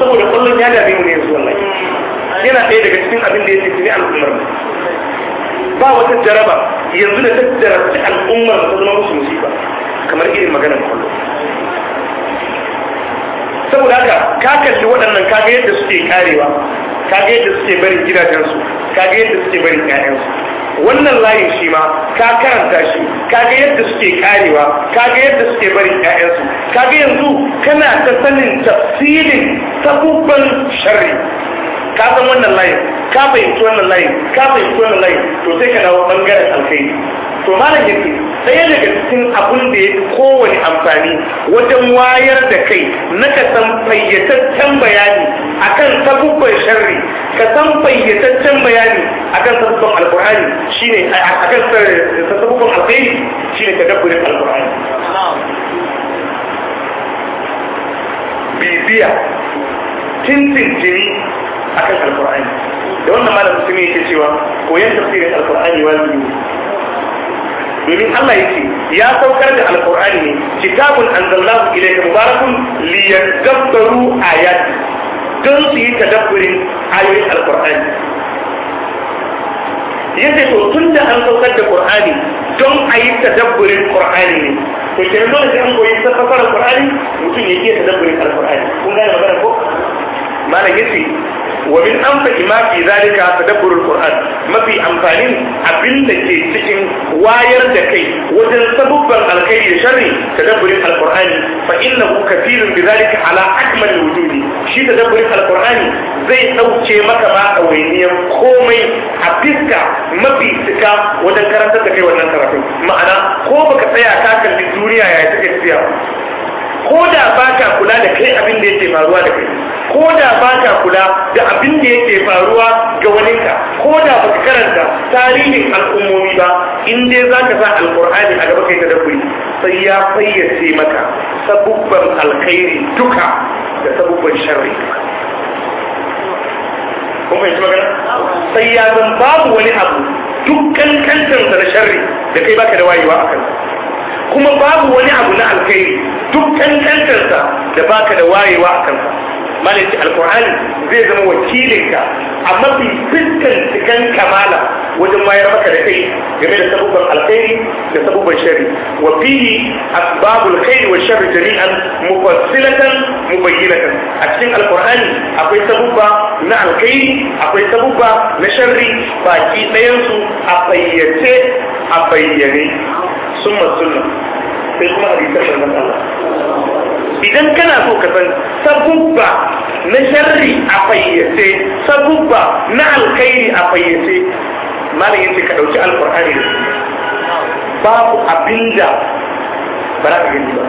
Speaker 1: saboda kwallon ya dame mu ne yanzu wallahi yana ɗaya daga cikin abin da ya ce fi al'ummar mu ba wata jaraba yanzu da ta jarabci al'ummar ta zama musulunci ba. kamar irin maganar kwallo saboda haka ka kalli waɗannan kaga yadda suke karewa kaga yadda suke barin gidajensu kaga yadda suke barin ƴaƴansu wannan layin shi ma ka karanta shi kaga yadda suke karewa kaga yadda suke barin ƴaƴansu kaga yanzu kana ta sanin tafsirin sabubban sharri ka san wannan layin ka fahimci wannan layin ka fahimci wannan layin to sai ka dawo bangaren alkai to malam yake ɗaya daga cikin abun da ya fi kowane amfani wajen wayar da kai na ka san fayyataccen bayani akan sabubban sharri ka san fayyataccen bayani akan sabubban alkur'ani shine akan sabubban alkhairi shine dabbure alkur'ani bibiya tintin jini akan alkur'ani da wannan malam musulmi yake cewa koyon tafsirin alkur'ani wajibi domin Allah yake ya saukar da alkur'ani ne kitabun anzalnahu ilayka mubarakun liyadabbaru ayati don su yi tadabburin ayoyin alkur'ani yadda to tun da an saukar da qur'ani don a yi tadabburin qur'ani ne to ke nan dole sai an koyi tafsirar qur'ani mutum ya yi tadabburin alqur'ani kun gane magana ko malam yace wa min anfa'i ma fi zalika tadabburul qur'an mafi amfanin abin da ke cikin wayar da kai wajen sabubban alkhairi da sharri tadabburin alqur'ani fa innahu kathirun bi zalika ala akmal wujudi shi tadabburin alqur'ani zai ɗauke maka ma wainiyar komai a fiska mafi cika wajen karantar da kai wannan karatun ma'ana ko baka tsaya ka kalli duniya ya take tafiya ko da ba ka kula da kai abin da yake faruwa da kai ko da ba ka kula da abin da yake faruwa ga waninka ko da ba ka karanta tarihin al'ummomi ba in dai za ka sa alkur'ani a gaba kai ta daburi sai ya fayyace maka sabubban alkhairi duka da sabubban sharri kuma yanzu magana sai ya zan babu wani abu dukkan kantansa na sharri da kai baka da wayewa a kansa kuma babu wani abu na alkhairi duk kankantarsa da baka da wayewa a kansa malaci alkur'ani zai zama wakilinka a mafi fiskan cikin kamala wajen mayar maka da kai game da sabubban alkhairi da sabubban shari wa fihi asbabul khairi wa sharri jami'an mufassilatan mubayyinatan a cikin alkur'ani akwai sabubba na alkhairi akwai sabubba na sharri baki ɗayansu a bayyace a bayyane summa sunna sai kuma hadisan manzon Allah idan kana so ka san sabubba na sharri a fayyace sabubba na alkhairi a fayyace malam yace ka dauki alqur'ani da babu abinda ba za ka gani ba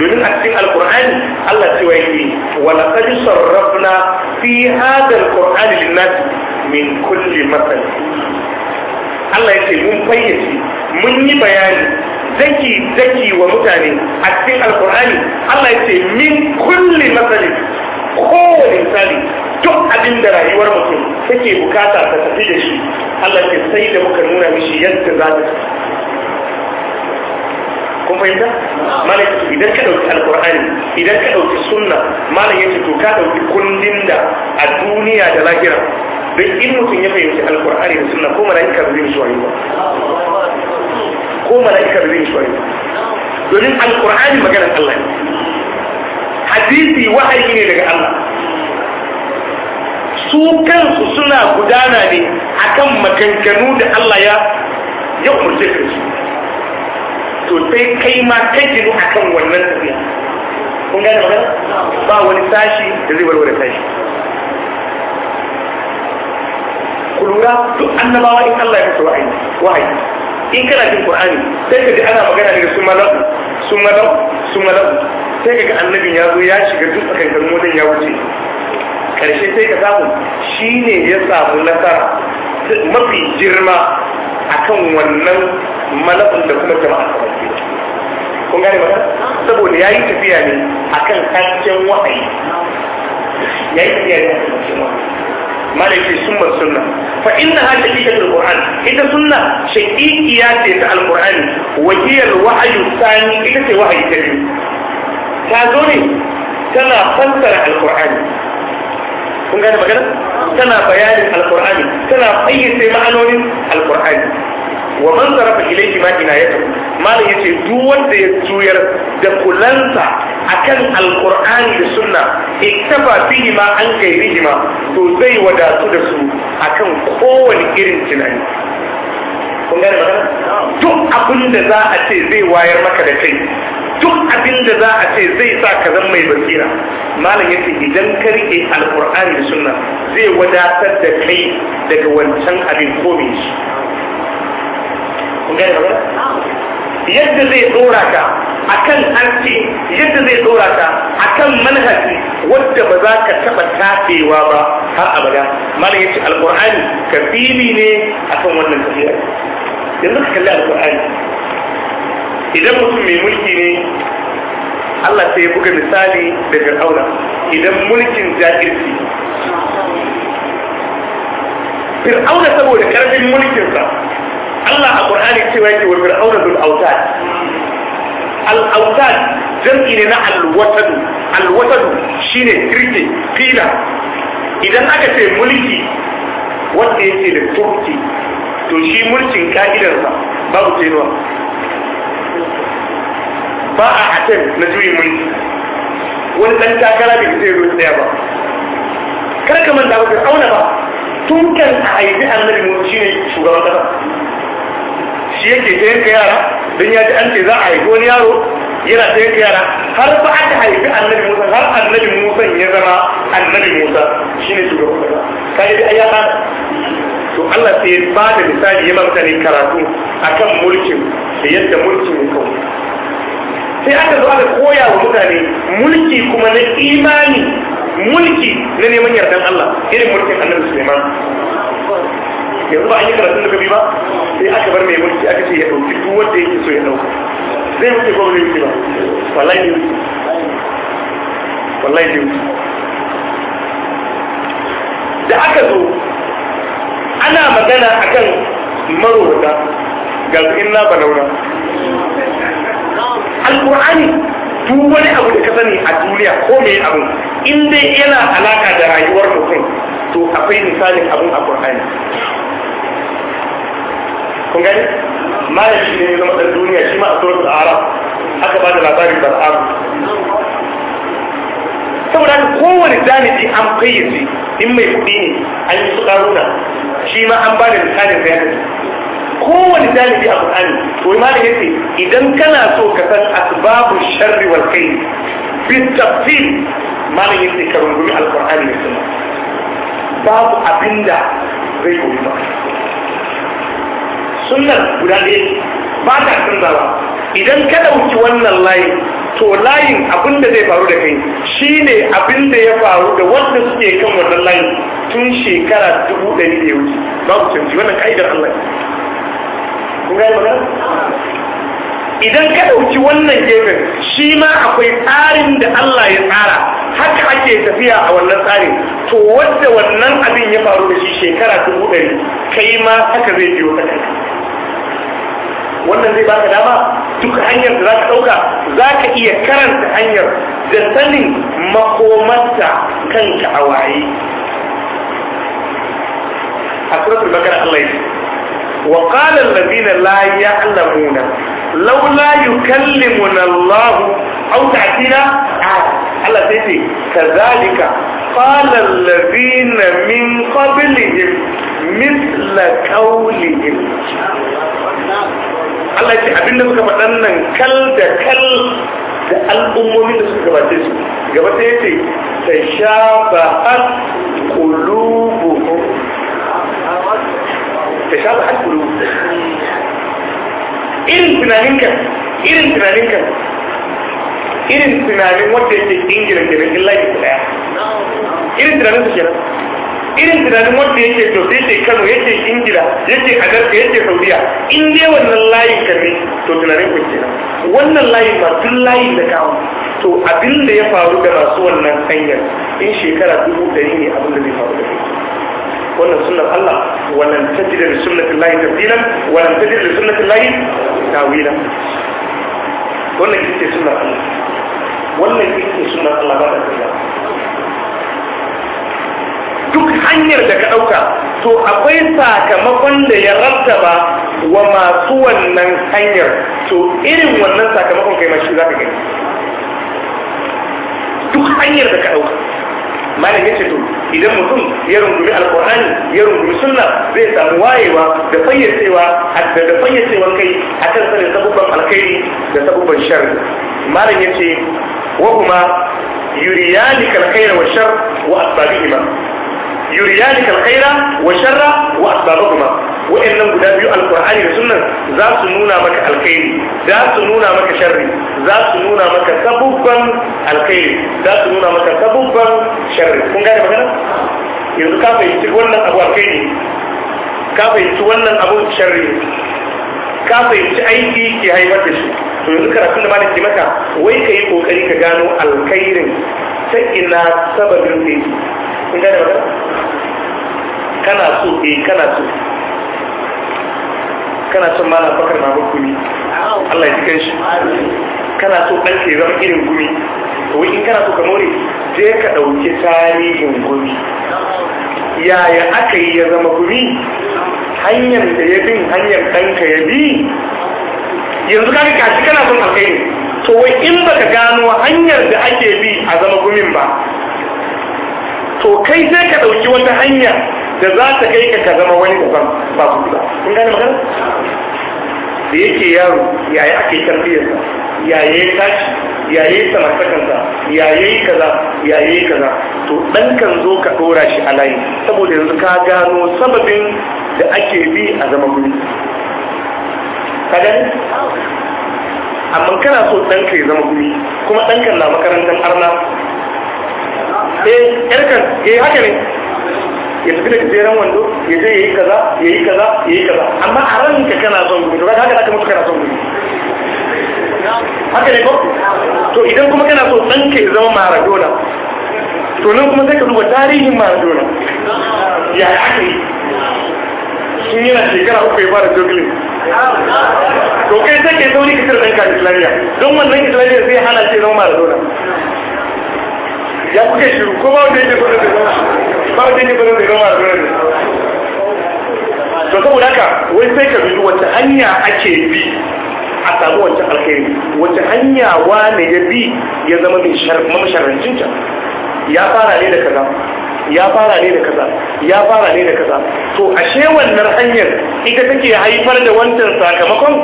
Speaker 1: domin a cikin alkur'ani Allah cewa yake wala qad sarrafna fi hadha alqur'ani lin-nas min kulli mathal Allah yake mun fayyace mun yi bayani zaki zaki wa mutane a cikin alkur'ani Allah ya ce min kulli masalin kowane misali duk abin da rayuwar mutum take bukata ta tafi da shi Allah ya sai da muka nuna mishi yadda za ta kun fahimta malam idan ka dauki alqur'ani idan ka dauki sunna malam yace to ka dauki kundin da a duniya da lahira bai in mutum ya fahimci alkur'ani da suna ko mala'ika ba zai mishi yi ba ko mala'ika ba zai yi ba, domin alkur'ani maganar Allah ne hadisi wahayi ne daga Allah su kansu suna gudana ne akan maganganu da Allah ya ya umarce ka su to sai kai ma kai a akan wannan tafiya kun gane magana ba wani sashi da zai warware sashi ku lura duk annabawa in Allah ya musu wahayi in kana jin Qur'ani sai ka ji ana magana ne da su malau su malau su malau sai ka ga annabin ya zo ya shiga duk tsakankan motan ya wuce karshe sai ka samu shine ya samu nasara mafi girma akan wannan malakun da kuma jama'a kamar kun gane magana saboda yayi tafiya ne akan hasken wa'ayi yayi tafiya ne akan malaki summa sunna fa innaha shaqiqatul qur'an ita sunna shaqiqiya ce ta alqur'ani wa hiya alwahyu ita ce wahayi ta biyu ta zo ne tana fassara alqur'ani kun gane magana tana bayanin alqur'ani tana fayyace ma'anonin alqur'ani wa man sarafa ilayhi ma ina yadu malam yace duk wanda ya juyar da kulansa akan alqur'ani da sunna iktafa bihi ma an gairihi ma to zai wadatu da su akan kowane irin tunani kun gane ba duk abin da za a ce zai wayar maka da kai duk abin da za a ce zai sa ka zan mai basira malam yace idan ka rike alqur'ani da sunna zai wadatar da kai daga wancan abin ko shi yadda zai dora ka akan arce yadda zai dora ka kan manhaji wadda ba za ka taba tafewa ba har abada malam yace ka fili ne akan wannan tafiya yanzu ka kalli alqur'ani idan mutum mai mulki ne Allah sai ya buga misali da Fir'auna idan mulkin jahilci Fir'auna saboda karfin mulkinsa Allah a Qur'ani cewa yake wa fir'auna dul autad al autad jam'i ne na al watad al watad shine kirki fila idan aka ce mulki wanda yake da turki to shi mulkin ka'idarsa babu tenuwa ba a atem na juyin mulki wani dan takara da zai zo tsaya ba kar ka manta ba auna ba tun kan a haifi annabi mu ne shugaban kasa shi yake ta yanka yara don ya ji an ce za a haifi wani yaro yana ta yanka yara har ba aka haifi annabi musa har annabi musa ya zama annabi musa shi ne shugaban kasa ka yi ai ya to Allah sai ya ba da misali ya ne karatu akan mulkin da yadda mulkin ya kawo sai aka zo aka koya wa mutane mulki kuma na imani mulki na neman yardan Allah irin mulkin annabi Suleiman yanzu ba an yi karatun da kabi ba sai aka bar mai mulki aka ce ya ɗauki duk wanda yake so ya ɗauka zai wuce ko zai wuce ba wallahi ne wallahi ne da aka zo ana magana akan marota ga su inna balaura alƙur'ani duk wani abu da ka sani a duniya ko me abu in dai yana alaka da rayuwar mutum to akwai misalin abun a ƙur'ani kun gani malami shi ne zama ɗan duniya shi ma a suratul arab aka ba da labarin al'adu. saboda haka kowane jami'i an fayyace in mai kuɗi ne an yi su ƙaruna shi ma an ba da misalin sai kowane dalibi a Qur'ani to imanin yace idan kana so ka san asbabu sharri wal khair bi tafsil malam yace ka rungumi al-Qur'ani ne babu abinda zai yi ba. sunnar guda ɗaya ba ta canzawa idan ka ɗauki wannan layin to layin abin da zai faru da kai shine abin da ya faru da wanda suke kan wannan layin tun shekara dubu ɗari da ya wuce babu canji wannan ka'idar Allah kun gane magana idan ka ɗauki wannan gefen shi ma akwai tsarin da Allah ya tsara haka ake tafiya a wannan tsarin to wadda wannan abin ya faru da shi shekara dubu ɗari kai ma haka zai biyo ka wannan zai baka dama duk hanyar da zaka dauka zaka iya karanta hanyar da sanin makomarta kanka a waye a suratul bakara Allah ya wa qala alladhina la ya'lamuna law la yukallimuna Allah aw ta'tina Allah sai ce kazalika qala alladhina min qablihim mithla qawlihim Allah ce da suka faɗan nan kal da kal da al'ummomin da suka gabace su Gabata ya ce ta sha ba'al kulubu. ta sha ba'al kulubu. irin kan, irin kan, irin tunanin wanda yake ingila kenan illa ki ɗaya. irin tunanin su kenan irin tunanin wanda yake to yake Kano yake Ingila yake adarka yake Saudiya in dai wannan layin ka ne to tunanin ku kenan wannan layin ba duk layin da kawo to abin da ya faru da masu wannan hanyar in shekara dubu ɗari ne abin da zai faru da kai wannan sunan Allah wannan tajida da sunnatin layi filan wannan tajida da sunnatin layi wila wannan ce sunan Allah wannan yake sunan Allah ba da duk hanyar da ka ɗauka to akwai sakamakon da ya rattaba wa masu wannan hanyar to irin wannan sakamakon kai mashi za ka gani duk hanyar da ka ɗauka malam ya ce to idan mutum ya rungumi alkur'ani ya rungumi sunna zai samu wayewa da fayyacewa da da fayyacewa kai akan sanin sabubban alkhairi da sabubban sharri malam ya ce wa kuma yuriyani kalkhaira wa shar wa asbabihima yuriyanika alkhaira wa sharra wa asbabahuma wa'annan guda biyu alqur'ani da sunnan za su nuna maka alkhairi za su nuna maka sharri za su nuna maka sabubban alkhairi za su nuna maka sabubban sharri kun gane magana yanzu ka fahimci wannan abu alkhairi ka fahimci wannan abu sharri ka fahimci aiki ke haifar da shi to yanzu karatun da malaki maka wai ka yi kokari ka gano alkhairin ta ina sababin da kun gane magana kana so eh kana so kana son malam bakar na gumi Allah ya ji kanshi kana so ɗanka ya zama irin gumi to in kana so ka more je ka ɗauki tarihin gumi yaya aka yi ya zama gumi hanyar da ya bin hanyar ɗanka ya bi yanzu kaga kashi kana son alkai to wai in baka gano hanyar da ake bi a zama gumin ba to kai sai ka ɗauki wata hanya da za ta kai ka zama wani daban ba ku ba kun gane magana da yake yaro yayi ake tarbiyyarsa yayi tashi yayi samartakansa yayi kaza yayi kaza to dan kan zo ka dora shi a layi saboda yanzu ka gano sababin da ake bi a zama guri Kada, ne amma kana so ɗanka ya zama guri kuma ɗankan na makarantar arna eh yarkan eh haka ne ya tafi da gajeren wando ya je ya yi kaza ya yi kaza ya yi kaza amma a ranka kana son gudu ba haka zaka mutu kana son gudu haka ne ko to idan kuma kana so ɗanka ya zama maradona to nan kuma sai ka duba tarihin maradona ya aka yi sun yana shekara uku ya fara juggling to kai sai ka yi zaune ka cire ɗanka islamiyya don wannan islamiyya zai hana ce zama maradona ya kuke shiru ko ba wanda yake fara da zama ba wanda yake fara da zama a to saboda haka wai sai ka dubi wata hanya ake bi a samu wancan alkhairi wata hanya wane ya bi ya zama mai masharrancin ta ya fara ne da kaza ya fara ne da kaza ya fara ne da kaza to ashe wannan hanyar ita take haifar da wancan sakamakon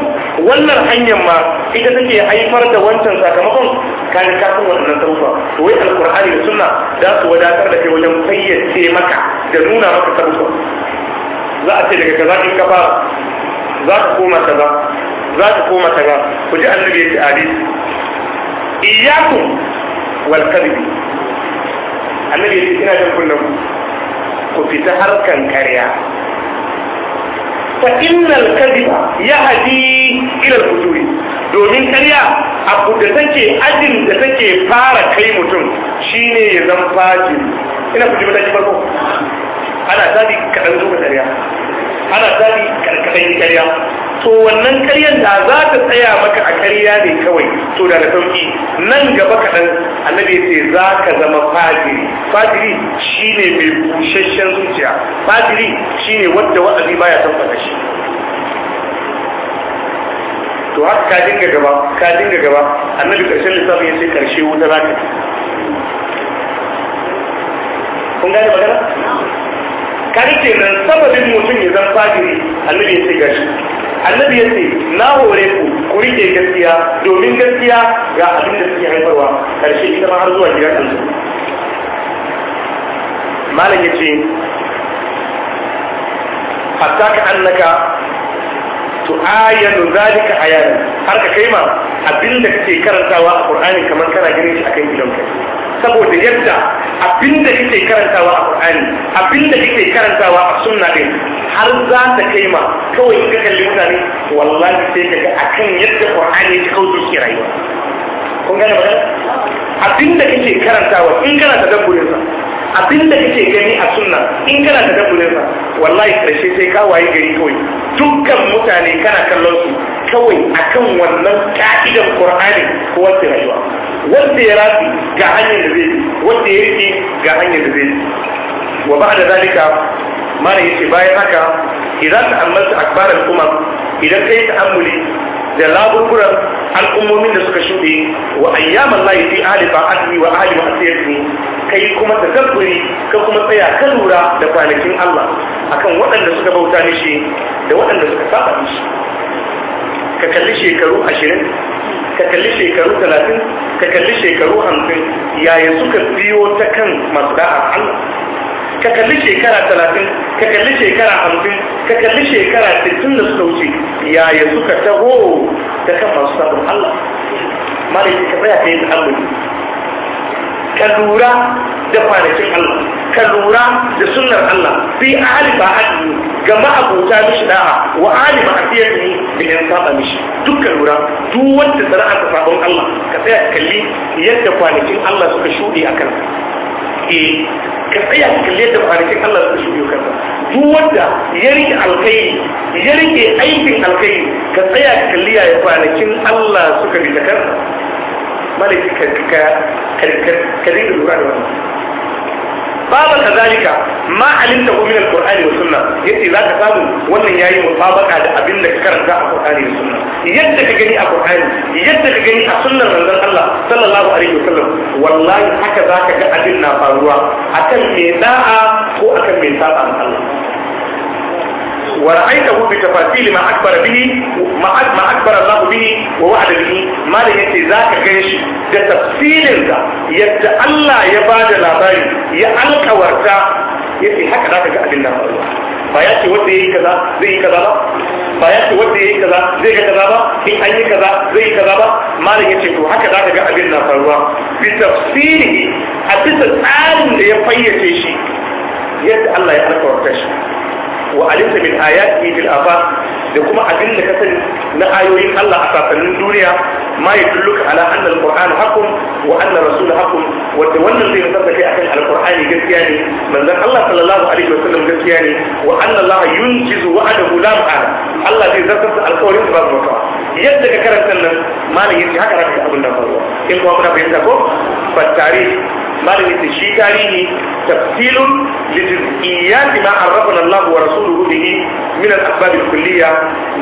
Speaker 1: wannan hanyar ma ita take haifar da wancan sakamakon kan ka san wannan taufa to wai alqur'ani da sunna za su wadatar da kai wajen fayyace maka da nuna maka taufa za a ce daga kaza in ka fara za ka koma kaza za ka koma kaza ku ji annabi ya ce hadisi iyyakum wal kadhib annabi ya ce ina da kullum ku fita harkan karya fa innal kadhiba yahdi ila al-fujuri domin karya abu da take ajin da take fara kai mutum shine ya zan fajiri ina fujiri da farko ana tabi kadan zuwa karya ana tari karkashin karya to wannan karyar da za ta tsaya maka a karya ne kawai to da sauki nan gaba kaɗan annabi ce za ka zama fadiri fadiri shine mai busasshen zuciya fadiri shine wanda wa'azi baya tabbata shi to haka ka dinga gaba ka dinga gaba annabi karshen lissafin ya ce karshe wuta za ka kun gane magana kare kenan sababin mutum ya zan fajiri annabi ya ce gashi annabi ya ce na hore ku ku rike gaskiya domin gaskiya ga abin da suke haifarwa karshe ita ma har zuwa gidan kansu malam ya ce hatta ka annaka tu'ayanu zalika ayanan har ka kai ma abinda kake karantawa a Qur'ani kamar kana ganin shi akan gidanka saboda yadda abinda kake karantawa a Qur'ani abinda kake karantawa a sunna din har za ta kai ma kawai in ka kalli mutane wallahi sai kaga akan yadda Qur'ani ya kawo rayuwa kun gane magana abinda kake karantawa in kana tadabburin sa abinda kake gani a sunna in kana tadabburin sa wallahi karshe sai ka waye gari kawai dukkan mutane kana kallon su kawai akan wannan ka'idar Qur'ani ko wata rayuwa wanda ya rafi ga hanyar da zai wanda ya rike ga hanyar da zai wa ba'da zalika mana yace bayan haka idan ta ta'ammalta akbaral kuma, idan kai ta'ammuli da laburburan al'ummomin da suka shuɗe wa ayyaman layi fi ahli ba'adni wa ahli ma'asiyatni kai kuma ta tadabburi ka kuma tsaya ka lura da kwanakin Allah akan waɗanda suka bauta mishi da waɗanda suka saba mishi ka kalli shekaru ashirin ka kalli shekaru talatin ka kalli shekaru hamsin yaya suka biyo ta kan masu da'a Allah ka kalli shekara talatin ka kalli shekara hamsin ka kalli shekara sittin da suka wuce yaya suka taho da kan sabon Allah malaki ka tsaya ka yi ta'ammuli ka lura da kwanakin Allah ka lura da sunnar Allah fi ahli ba'adi ga ma'abota mishi da'a wa ahli ma'afiyatihi da yan saba mishi dukkan lura duk wanda sana'a ta sabon Allah ka tsaya kalli yadda kwanakin Allah suka shuɗe a kansa ke ka tsaya ka kalle da Allah su shi biyu kansa wanda ya rike alkai ya rike aikin alkai ka tsaya ka kalle ya kwanakin Allah suka bi kansa malaki ka ka ka ka lura da wannan babu zalika ma alimta hu min alqur'ani wa sunna yace zaka samu wannan yayi mutabaka da abin da ka karanta a qur'ani da sunna yadda ka gani a qur'ani yadda ka gani a sunnar manzon Allah sallallahu alaihi wasallam wallahi haka zaka ga abin na faruwa akan me da'a ko akan me saba Allah ورأيته بتفاصيل ما أكبر به ما أكبر الله به ووعد به ما لا يأتي ذاك غيش ده تفصيل ذا يتألى يبادى لاباري يألقى ورتا يأتي حكا ذاك قال لنا ba ya ce wanda ya yi kaza zai yi kaza ba ba ya ce wanda ya yi kaza zai ga kaza ba in an yi kaza zai yi kaza ba malam ya ce to haka ka abin a tsarin da ya fayyace shi yadda Allah ya alkawarta shi wa alimta min ayatihi fil afaq da kuma abin da ka sani na ayoyin Allah a sasannin duniya ma ya yadulluka ala anna alquran haqqun wa anna rasul haqqun wanda wannan zai nuna kai akan alqur'ani gaskiya ne manzon Allah sallallahu alaihi wasallam gaskiya ne wa anna Allah yunjizu wa'adahu la mu'ala Allah zai zartar da alƙawarin ba zuwa yadda ka karanta nan malam yace haka haka abin da faruwa in kuma kuna fahimta ko fa tarihi marimita shi tarihi tafsilun litiziyyati ma an rafin allahu wa rasu rubuhi min al'abbar kulliya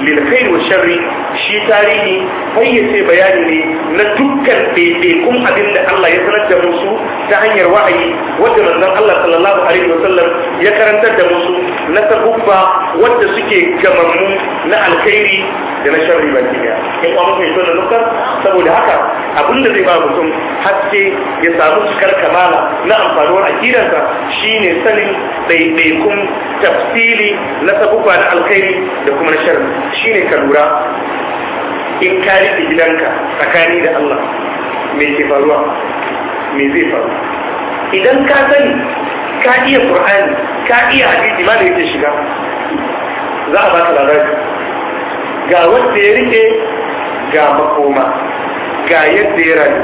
Speaker 1: lilkai wa shari shi tarihi hayyace bayani ne na dukkan daidaikun a da allah ya sanar musu ta hanyar wa'ayi wadda manzan allah sallallahu alaihi wa sallam ya karantar da musu na tabubba wadda suke gamammu na alkhairi da na shari ba ke ya in na nukar saboda haka abin da zai ba mutum hatsi ya samu karkar kamala na amfanuwar akidansa shine sanin ɗaiɗaikun tafsili na sabuwa da alkhairi da kuma na sharri shine ka lura in ka rike gidanka tsakani da Allah me ke faruwa me zai faru idan ka sani ka iya Qur'ani ka iya hadisi ma da yake shiga za a ba ka labari ga wanda ya rike ga makoma ga yadda ya rayu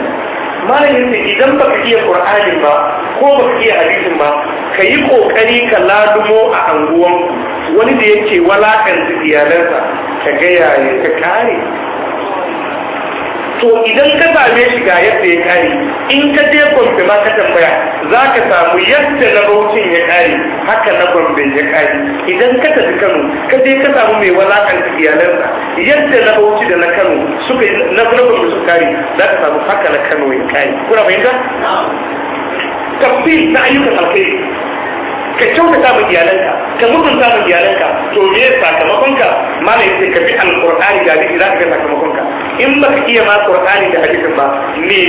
Speaker 1: malamin ne idan baka iya qur'anin ba ko baka iya hadisin ba ka yi kokari ka ladumo a anguwan wani da yake walakanta iyalansa ka ga yayin ka kare to idan ka same shi ga yadda ya kare in ka je gombe ma ka tambaya za ka samu yadda na baucin ya kare haka na gombe ya kare idan ka tafi kano ka je ka samu mai walakanta iyalansa yadda na bauti da na kano suka na gombe su kare za ka samu haka na kano ya kare kuna fahimta Tafi na ayyukan alkhairi ka kyautata ma iyalanka ka mutunta ma iyalanka to me sakamakonka malai sai ka bi alqur'ani da hadisi zaka ga sakamakonka in ka iya ma qur'ani da hadisin ba nemi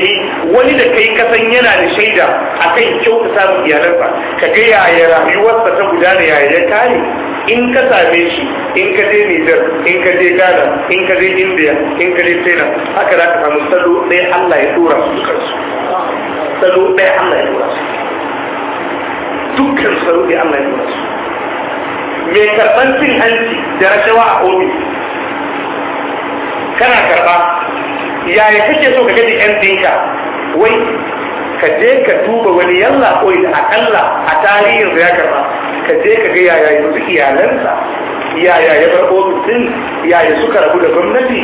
Speaker 1: wani da kai kasan yana da shaida akan kyautata ma iyalansa ka ga yaya rayuwarsa ta gudana yaya ya kare in ka same shi in ka je Nijar in ka je Ghana in ka je India in ka je China haka za ka samu salo ɗaya Allah ya dora su kansu salo ɗaya Allah ya dora su dukkan saruri Allah ya su mai karɓar cin hanci da rashawa a ofis kana karɓa yaya kake so ka gaji yan ɗinka wai ka je ka duba wani yalla ko da akalla a tarihin ya karba ka je ka ga yaya yanzu iyalansa yaya ya bar ofisin yaya suka rabu da gwamnati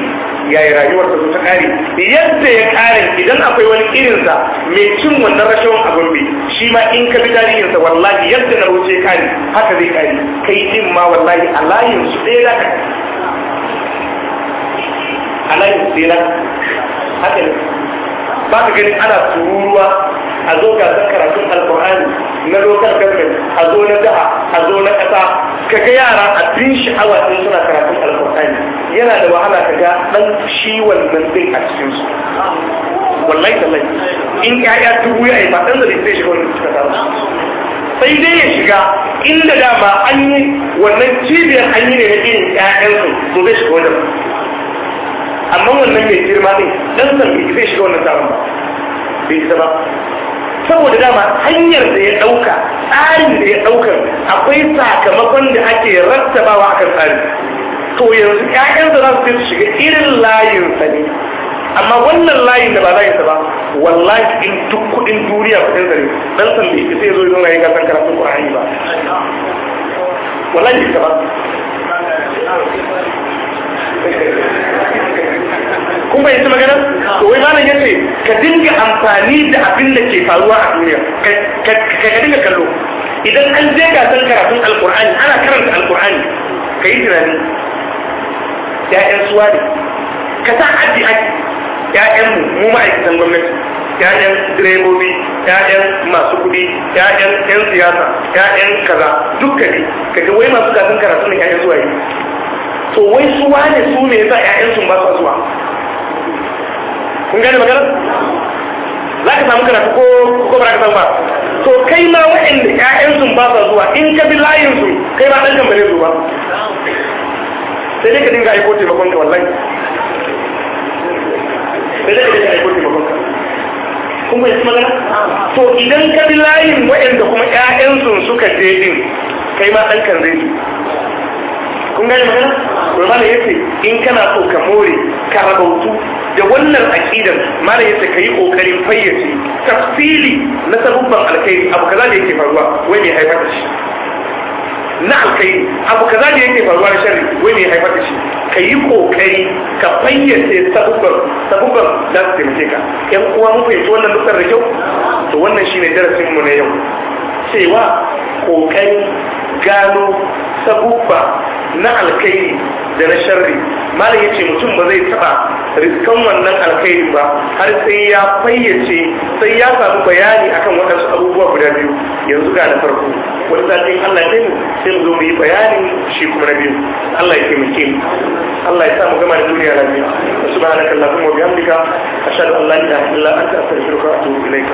Speaker 1: yaya rayuwar ta ta kare yadda ya kare idan akwai wani irinsa mai cin wannan rashawan a gombe shi ma in ka bi tarihinsa wallahi yadda na wuce kare haka zai kare kai din ma wallahi a layin su ɗaya da kare ba ka gani ana tururuwa a zo gasar karatun alkur'ani na lokar gamin a zo na da'a a zo na ƙasa ka ga yara a bin sha'awa ɗin suna karatun alkur'ani yana da wahala ka ga ɗan shi wannan ɗin a cikinsu wallahi lai in ƴaƴa dubu ya yi ba ɗan da zai shiga wani suka samu
Speaker 2: sai dai ya shiga inda dama
Speaker 1: an yi wannan cibiyar an yi ne na irin ƴaƴansu to zai shiga wajen amma wannan mai girma ne, dan san ita zai shiga wannan taron ba bai isa ba saboda dama hanyar da ya dauka tsarin da ya dauka akwai sakamakon da ake rattabawa akan tsari to yanzu ƴaƴan da za su su shiga irin layin sa ne amma wannan layin da ba layin sa ba wallahi in duk kuɗin duniya kuɗin sa ne dan san bai isa zo yana yin kasan karatu Qur'ani ba wallahi ba kuma yanzu magana to wai malam yace ka dinga amfani da abin da ke faruwa a duniya ka ka dinga kallo idan an je gasar karatun alkur'ani ana karanta alkur'ani ka yi tunani ya'yan suwa ne ka sa addi addi ya'yan mu ma'aikatan gwamnati ya'yan direbobi ya'yan masu kuɗi ya'yan yan siyasa ya'yan kaza dukkan ne ka ga wai masu gasar karatun ne ya'yan suwa ne to wai suwa ne su ne yasa ya'yan sun ba su zuwa kun gane magana za ka samu karatu ko ko ba ka samu ba to kai ma waɗanda sun ba sa zuwa in ka bi su kai ma ɗan kan ba zuwa sai dai ka dinga aiko bakon ka wallahi sai dai ka dinga aiko bakon ka kun bai kuma gana to idan ka bi layin da kuma sun suka je din kai ma ɗan kan zai kun gane magana to ya ce in kana so ka more ka rabautu da wannan aqidar malam yace yi ƙoƙarin fayyace tafsili na sabubban alkhairi abu kaza da yake faruwa wai me haifar da shi na alkhairi abu kaza da yake faruwa da sharri wai me haifar da shi ka yi ƙoƙari, ka fayyace sabubban sabubban za su taimake ka yan uwa mu fahimci wannan dukkan da kyau to wannan shine darasin mu na yau cewa ƙoƙari gano sabubba na alkairi da na sharri malam ya ce mutum ba zai taɓa riskan wannan alkairi ba har sai ya fayyace sai ya samu bayani akan waɗansu abubuwa guda biyu yanzu ga na farko wani zafin allah ya mu sai mu zo mu yi bayanin shi kuma na biyu allah ya taimake mu allah ya sa mu gama da duniya na lafiya wa subhanaka allahumma wa bihamdika ashhadu an la ilaha illa anta astaghfiruka wa atubu ilaika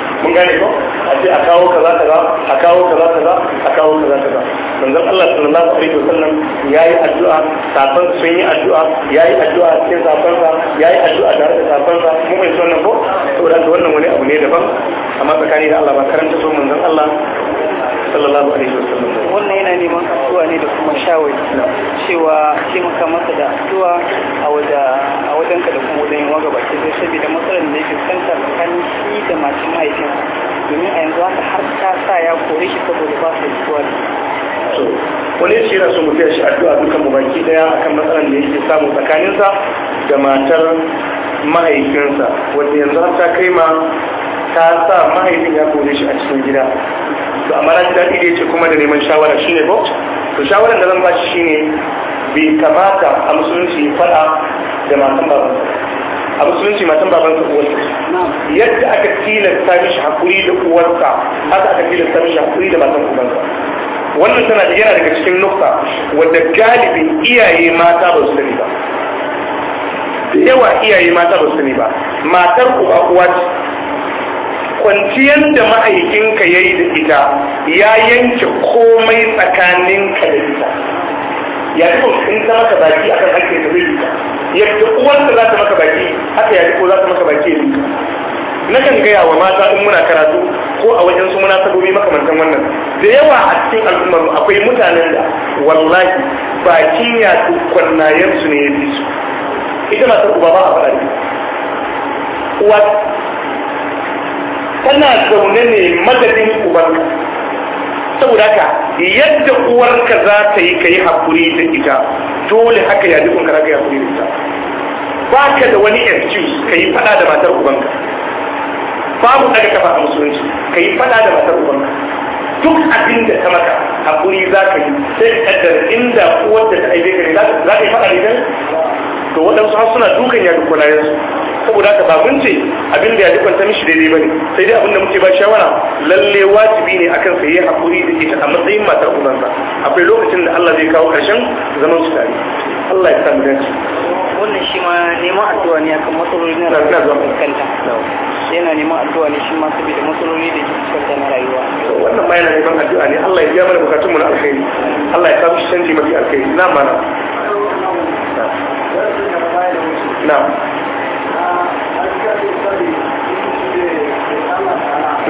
Speaker 1: mun gane ko a ce a kawo kaza kaza a kawo kaza kaza a kawo kaza kaza manzon Allah sallallahu alaihi wasallam yayi addu'a safan sun yi addu'a yayi addu'a cikin safan sa yayi addu'a tare da safan sa mun bai wannan ko to da wannan wani abu ne daban amma tsakani da Allah ba karanta so manzon Allah sallallahu alaihi wasallam wannan yana neman kasuwa ne da kuma shawari cewa taimaka masa da addu'a a wajen a wajen ka da kuma wajen yawa gaba ke sai saboda matsalar da yake kanta tsakanin shi da masu mahaifin domin a yanzu haka har ta sa ya kore shi saboda ba su zuwa so wani shi yana so mu taya shi addu'a dukkan mu baki daya akan matsalar da yake samu tsakaninsa da matar mahaifinsa wanda yanzu har ta kai ma ta sa mahaifin ya kore shi a cikin gida to amma na daɗi da ce kuma da neman shawara shine ko to shawarar da zan ba shi shine bai kamata a musulunci faɗa da matan babansa a musulunci matan babansa uwarsa yadda aka tilasta mishi hakuri da uwarsa haka aka tilasta mishi hakuri da matan ubansa wannan tana da yana daga cikin nukta wadda galibin iyaye mata ba su sani ba yawa iyaye mata ba su sani ba matar uba uwa kwanciyar da ma'aikinka ya yi da ita ya yanke komai tsakaninka da ita ya ji oh, in ta maka baki akan kan da zai ita yadda uwarsa za ta maka baki haka ya ko oh, za ta maka baki da ita na kan gaya wa mata in muna karatu ko a wajen su muna sabobi makamantan wannan da yawa a cikin al'ummar akwai mutanen da wallahi bakin ya kwannayen su ne ya fi su ita masar uba ba a faɗa ne tana zaune ne madadin ubanka saboda ka, yadda uwarka za ta yi ka yi haƙuri da ita dole haka ya dukkan ka yi haƙuri da ita ba ka da wani excuse ka yi faɗa da matar ubanka babu daga kafa a musulunci ka yi faɗa da matar ubanka duk abin da ta maka haƙuri za ka yi sai kaddar inda uwar da ta aibe ka ne za ka yi faɗa da ita to waɗansu har suna dukan ya dukkan su saboda ka ba mun ce abin da ya kwanta mishi daidai bane sai dai abin da muke ba shawara lalle wajibi ne akan sai ya hakuri da ita a matsayin matar ubansa akwai lokacin da Allah zai kawo karshen zaman su tare Allah ya sa mu dace wannan shi ma neman addu'a ne akan matsaloli na rayuwa fuskanta yana neman addu'a ne shi ma saboda matsaloli da ke kanta na rayuwa wannan ma yana neman addu'a ne Allah ya biya mana mu na alkhairi Allah ya sa mu canji mafi alkhairi na mana na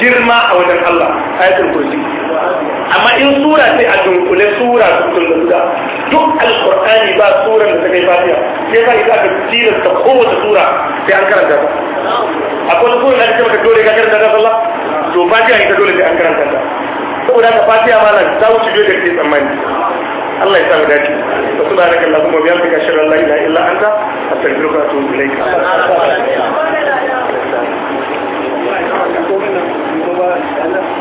Speaker 1: girma a wajen Allah ayatul kursi amma in sura sai a dunkule sura su guda duk alqur'ani ba suran da ta kai fatiha sai ka ita ka tilas ka kowace sura sai an karanta ta akwai sura da ake maka dole ka karanta ta sallah to fatiha ita dole sai an karanta ta saboda ka fatiha malam ta wuce dole da kai tsammani Allah ya sa mu dace wa subhanaka allahumma wa bihamdika ashhadu an la ilaha illa anta astaghfiruka wa atubu ilaik هو